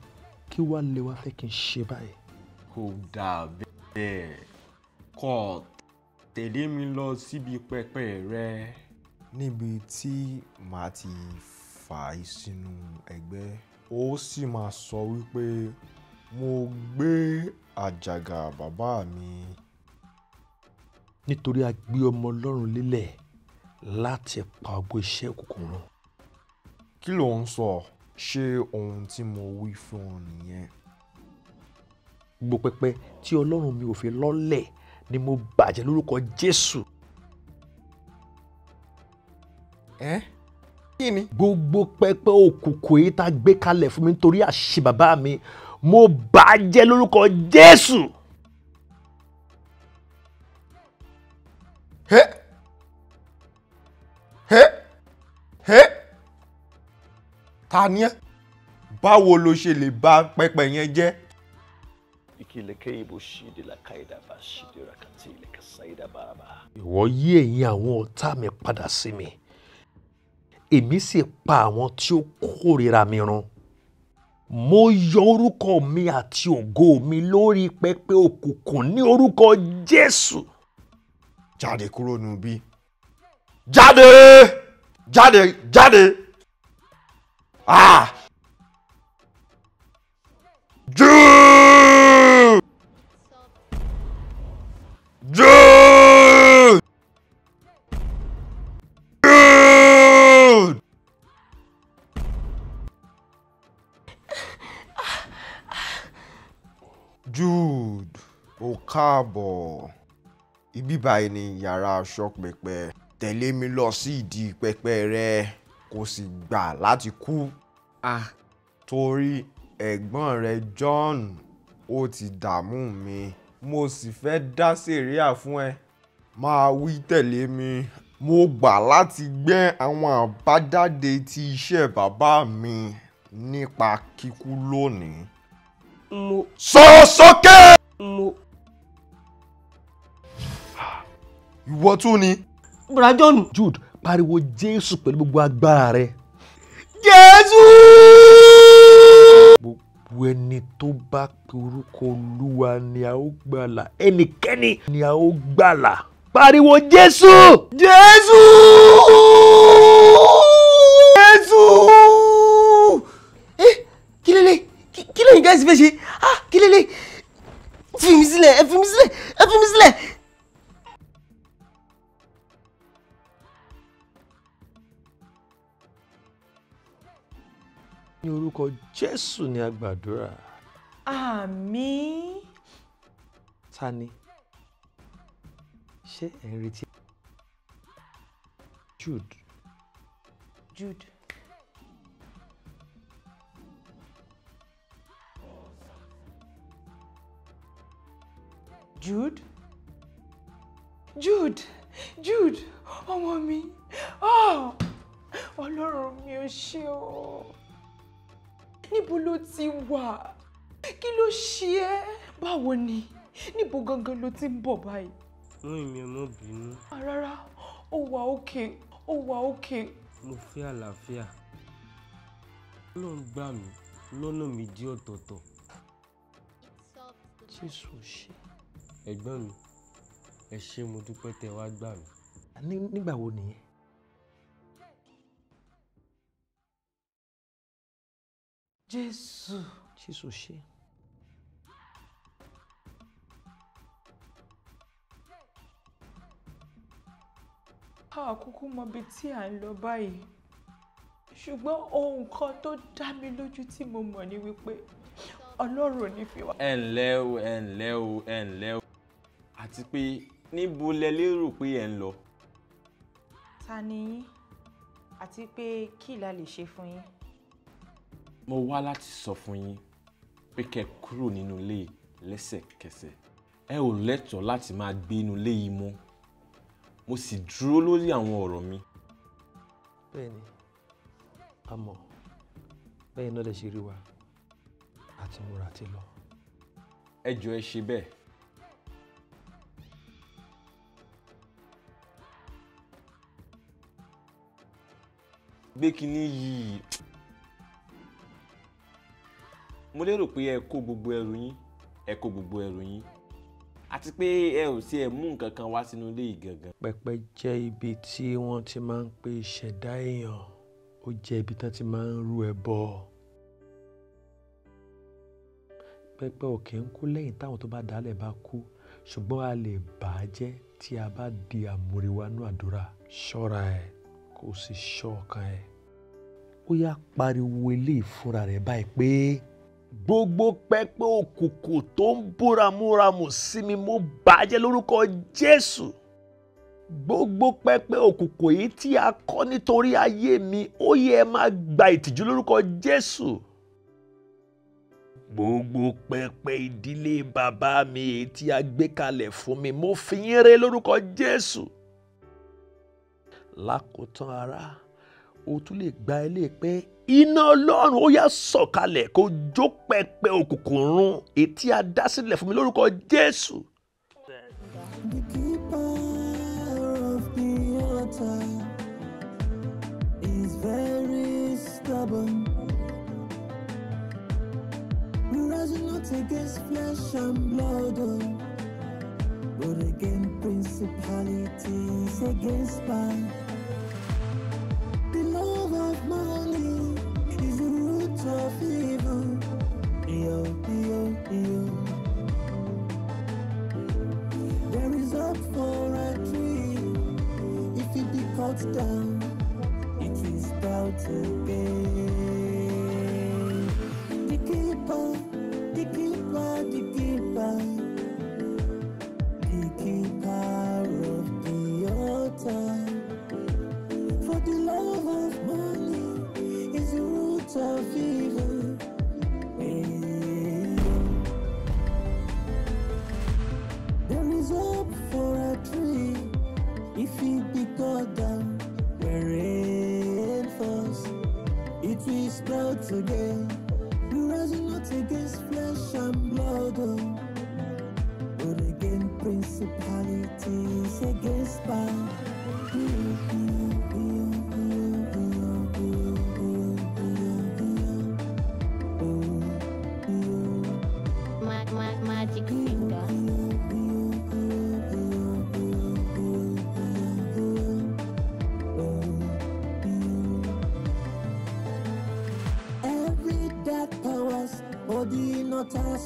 kí wàá lè wá fẹ́ kí n ṣe báyìí. kò dà bẹ́ẹ̀ kọ́ tẹ̀lé mi lọ síbi pẹpẹ rẹ níbi tí màá ti fà í sínú ẹgbẹ́ ó sì máa sọ wípé mo gbé àjàgà bàbá mi. nítorí a gbé ọmọ ọlọ́run lélẹ̀ láti pa ọgbọ́n iṣẹ́ òkùnkùn run. kí ló ń sọ ṣé ohun tí mo wí fún ọ nìyẹn. gbogbo pẹpẹ tí ọlọ́run mi ò fi lọ́lẹ̀ ni mo bàjẹ́ lórúkọ jésù. ẹ́ eh? kí ni. gbogbo pẹpẹ òkùnkùn yìí tá a gbé kalẹ̀ fún mi nítorí àṣì bàbá mi mo bà á jẹ́ lórúkọ Jésù. Hey. Hey. Hey. ta ni ẹ báwo ló ṣe lè bà pẹpẹ yẹn jẹ́. ìkìlẹ̀kẹ́ ibo ṣíde làkàìdá bá ṣíde rakàtì ìlẹ̀kẹ́ ṣáìdá bàbá. ìwọ yí èyí àwọn ọ̀tá mi padà sí mi èmi sì pa àwọn tí ó kórìíra mi run mo yọ orúkọ mi àti ògo mi lórí pẹpẹ òkùnkùn ní orúkọ Jésù. jáde kúrò nù bí. jáde jáde jáde. Ah! Júù. Ibi báyìí ni yàrá aṣọ pẹpẹ. Tẹ̀lé mi lọ sí ìdí pẹpẹ rẹ kò sì gbà láti kú. À torí ẹ̀gbọ́n rẹ John ó ti dààmú mi. Mo sì fẹ́ dá sẹ̀ríà fún ẹ. Máa wí tẹ̀lé mi. Mo gbà láti gbẹ́ àwọn àbájáde ti iṣẹ́ bàbá mi nípa kíkú lónìí. Mo. Sọ sókè. Mo. ìwọ tún ni. bùrà john. jude pariwo jésù pẹ̀lú gbogbo agbára rẹ. jésù. gbogbo ẹni tó bá pe orúkọ olúwa ni a ó gbàlà ẹnikẹ́ni ni a ó gbàlà pariwo jésù. jésù. jésù. ẹ eh, kí lélẹ̀ kí lóyún gáàsì fẹ́ ṣe ah kí lélẹ̀ ẹ fi mi sílẹ̀ ẹ fi mi sílẹ̀ ẹ fi mi sílẹ̀. ní orúkọ jésù ni a gbàdúrà. àmín. ta ni ṣé ẹ ń retí. jude. jude. jude jude jude ọmọ mi ah! ọlọ́run mi ò ṣe o níbo ló ti wà kí ló ṣe ẹ́ báwo ni níbo gangan ló ti ń bọ̀ báyìí. fún ìmí ọmọ bínú. Ah, rárá ó wà òkè ó wà òkè. mo fẹ́ àlàáfíà ló ń gbà mí lọ́nà méjì ọ̀tọ̀ọ̀tọ̀ jésù ṣe. ẹ̀gbọ́n mi ẹ ṣé mo dúpẹ́ tẹ́ wá gbà mí. nígbà wo nìyẹn. Jésù. Jésù ṣe. Ah, kúkú mọbi tí à ń lọ báyìí ṣùgbọ́n ohun kan tó dá mi lójú tí mo mọ̀ ni wípé ọlọ́run ò ní fi wá. ẹ ǹlẹ́ o ẹ ǹlẹ́ o ẹ ǹlẹ́ o àti pé níbo lẹ lérò pé ẹ ń lọ. ta ni yín àti pé kí la lè ṣe fún yín mo wá láti sọ fún yín pé kẹ́ kúrò nínú ilé lẹ́sẹ̀kẹsẹ̀ ẹ ò lẹ́tọ̀ọ́ láti máa gbé inú ilé yìí mọ́ mo sì dúró lórí àwọn ọ̀rọ̀ mi. bẹ́ẹ̀ni àmọ́ bẹ́ẹ̀ náà lè ṣe rí wa àti múra ti lọ. ẹ jọ ẹ ṣe bẹ́ẹ̀. gbé kínní yìí mo lérò pé ẹ kó gbogbo ẹrù yín ẹ kó gbogbo ẹrù yín àti pé ẹ ò sí ẹ mú nǹkan kan wá sínú ilé yìí gangan. pẹpẹ jẹ́ ibi tí wọ́n ti máa ń pe ìṣẹ̀dá èèyàn ó jẹ́ ibi tán ti máa ń rú ẹbọ. pẹpẹ ò kì í kú lẹ́yìn táwọn tó bá dálẹ̀ bá kú ṣùgbọ́n a lè bà á jẹ́ tí a bá di àmúrewánú àdúrà ṣọ́ra ẹ̀ kó o sì ṣọ́ ọkàn ẹ̀ ó yá pariwo eléyìí fúnra rẹ̀ báyìí pé gbogbo pẹpẹ òkùnkùn tó ń búramúramù sí mi mo bàjẹ́ lórúkọ Jésù gbogbo pẹpẹ òkùnkùn yìí tí a kọ́ nítorí ayé mi ó yẹ ẹ máa gba ìtìjú lórúkọ Jésù gbogbo pẹpẹ ìdílé bàbá mi èyí tí a gbé kalẹ̀ fún mi mo fi yín ré lórúkọ Jésù lákòótán ara o tún lè gba ilé pé iná ọlọ́run ó yá sọ̀kalẹ̀ kó jó pẹpẹ òkùnkùn run ètí a fún mi lórúkọ Jésù. The keeper of the altar is very stubborn. Rising not against flesh and blood, oh, but against principalities, against power.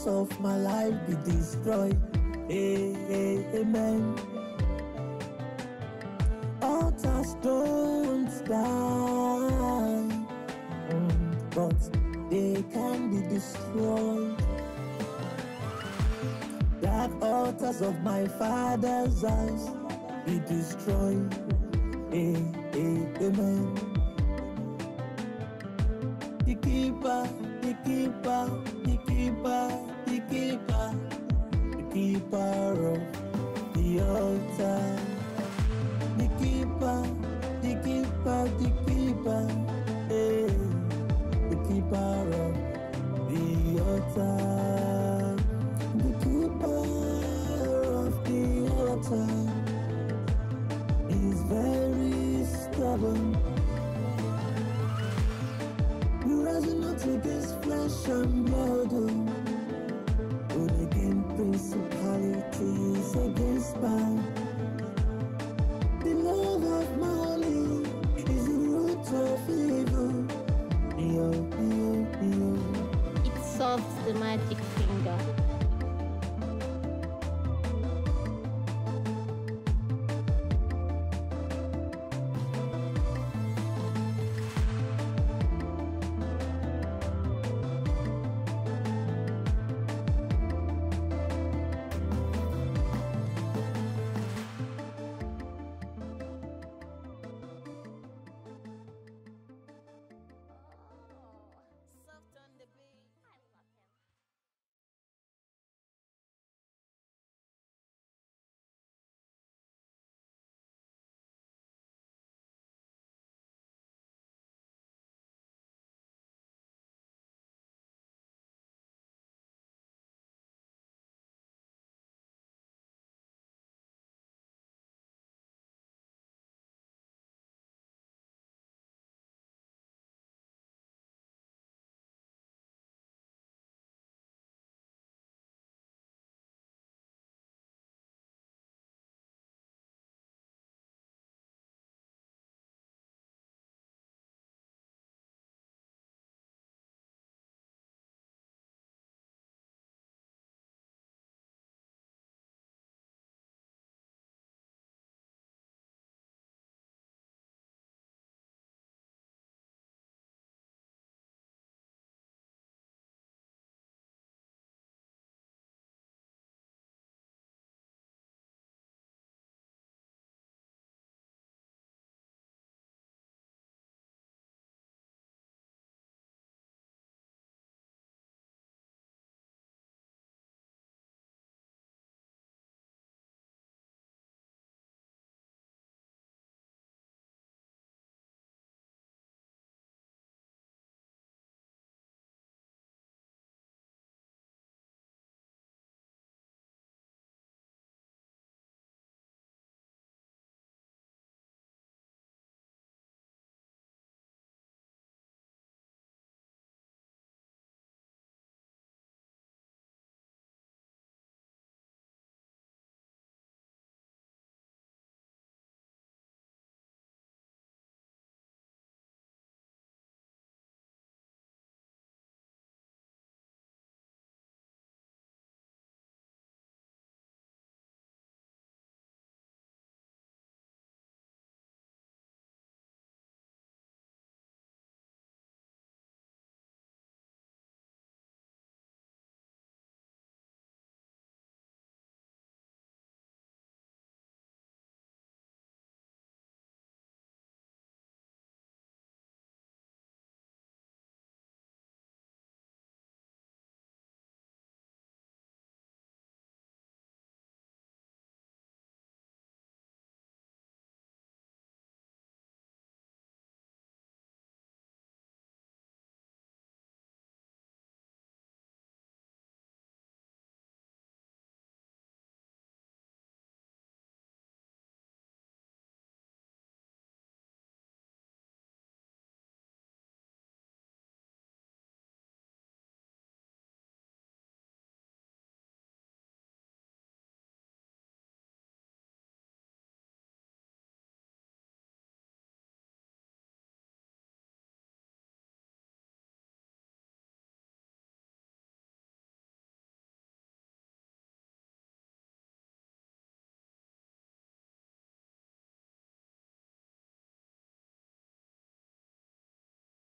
of my life be destroyed. Amen. Altars don't die, but they can be destroyed. Dark altars of my father's house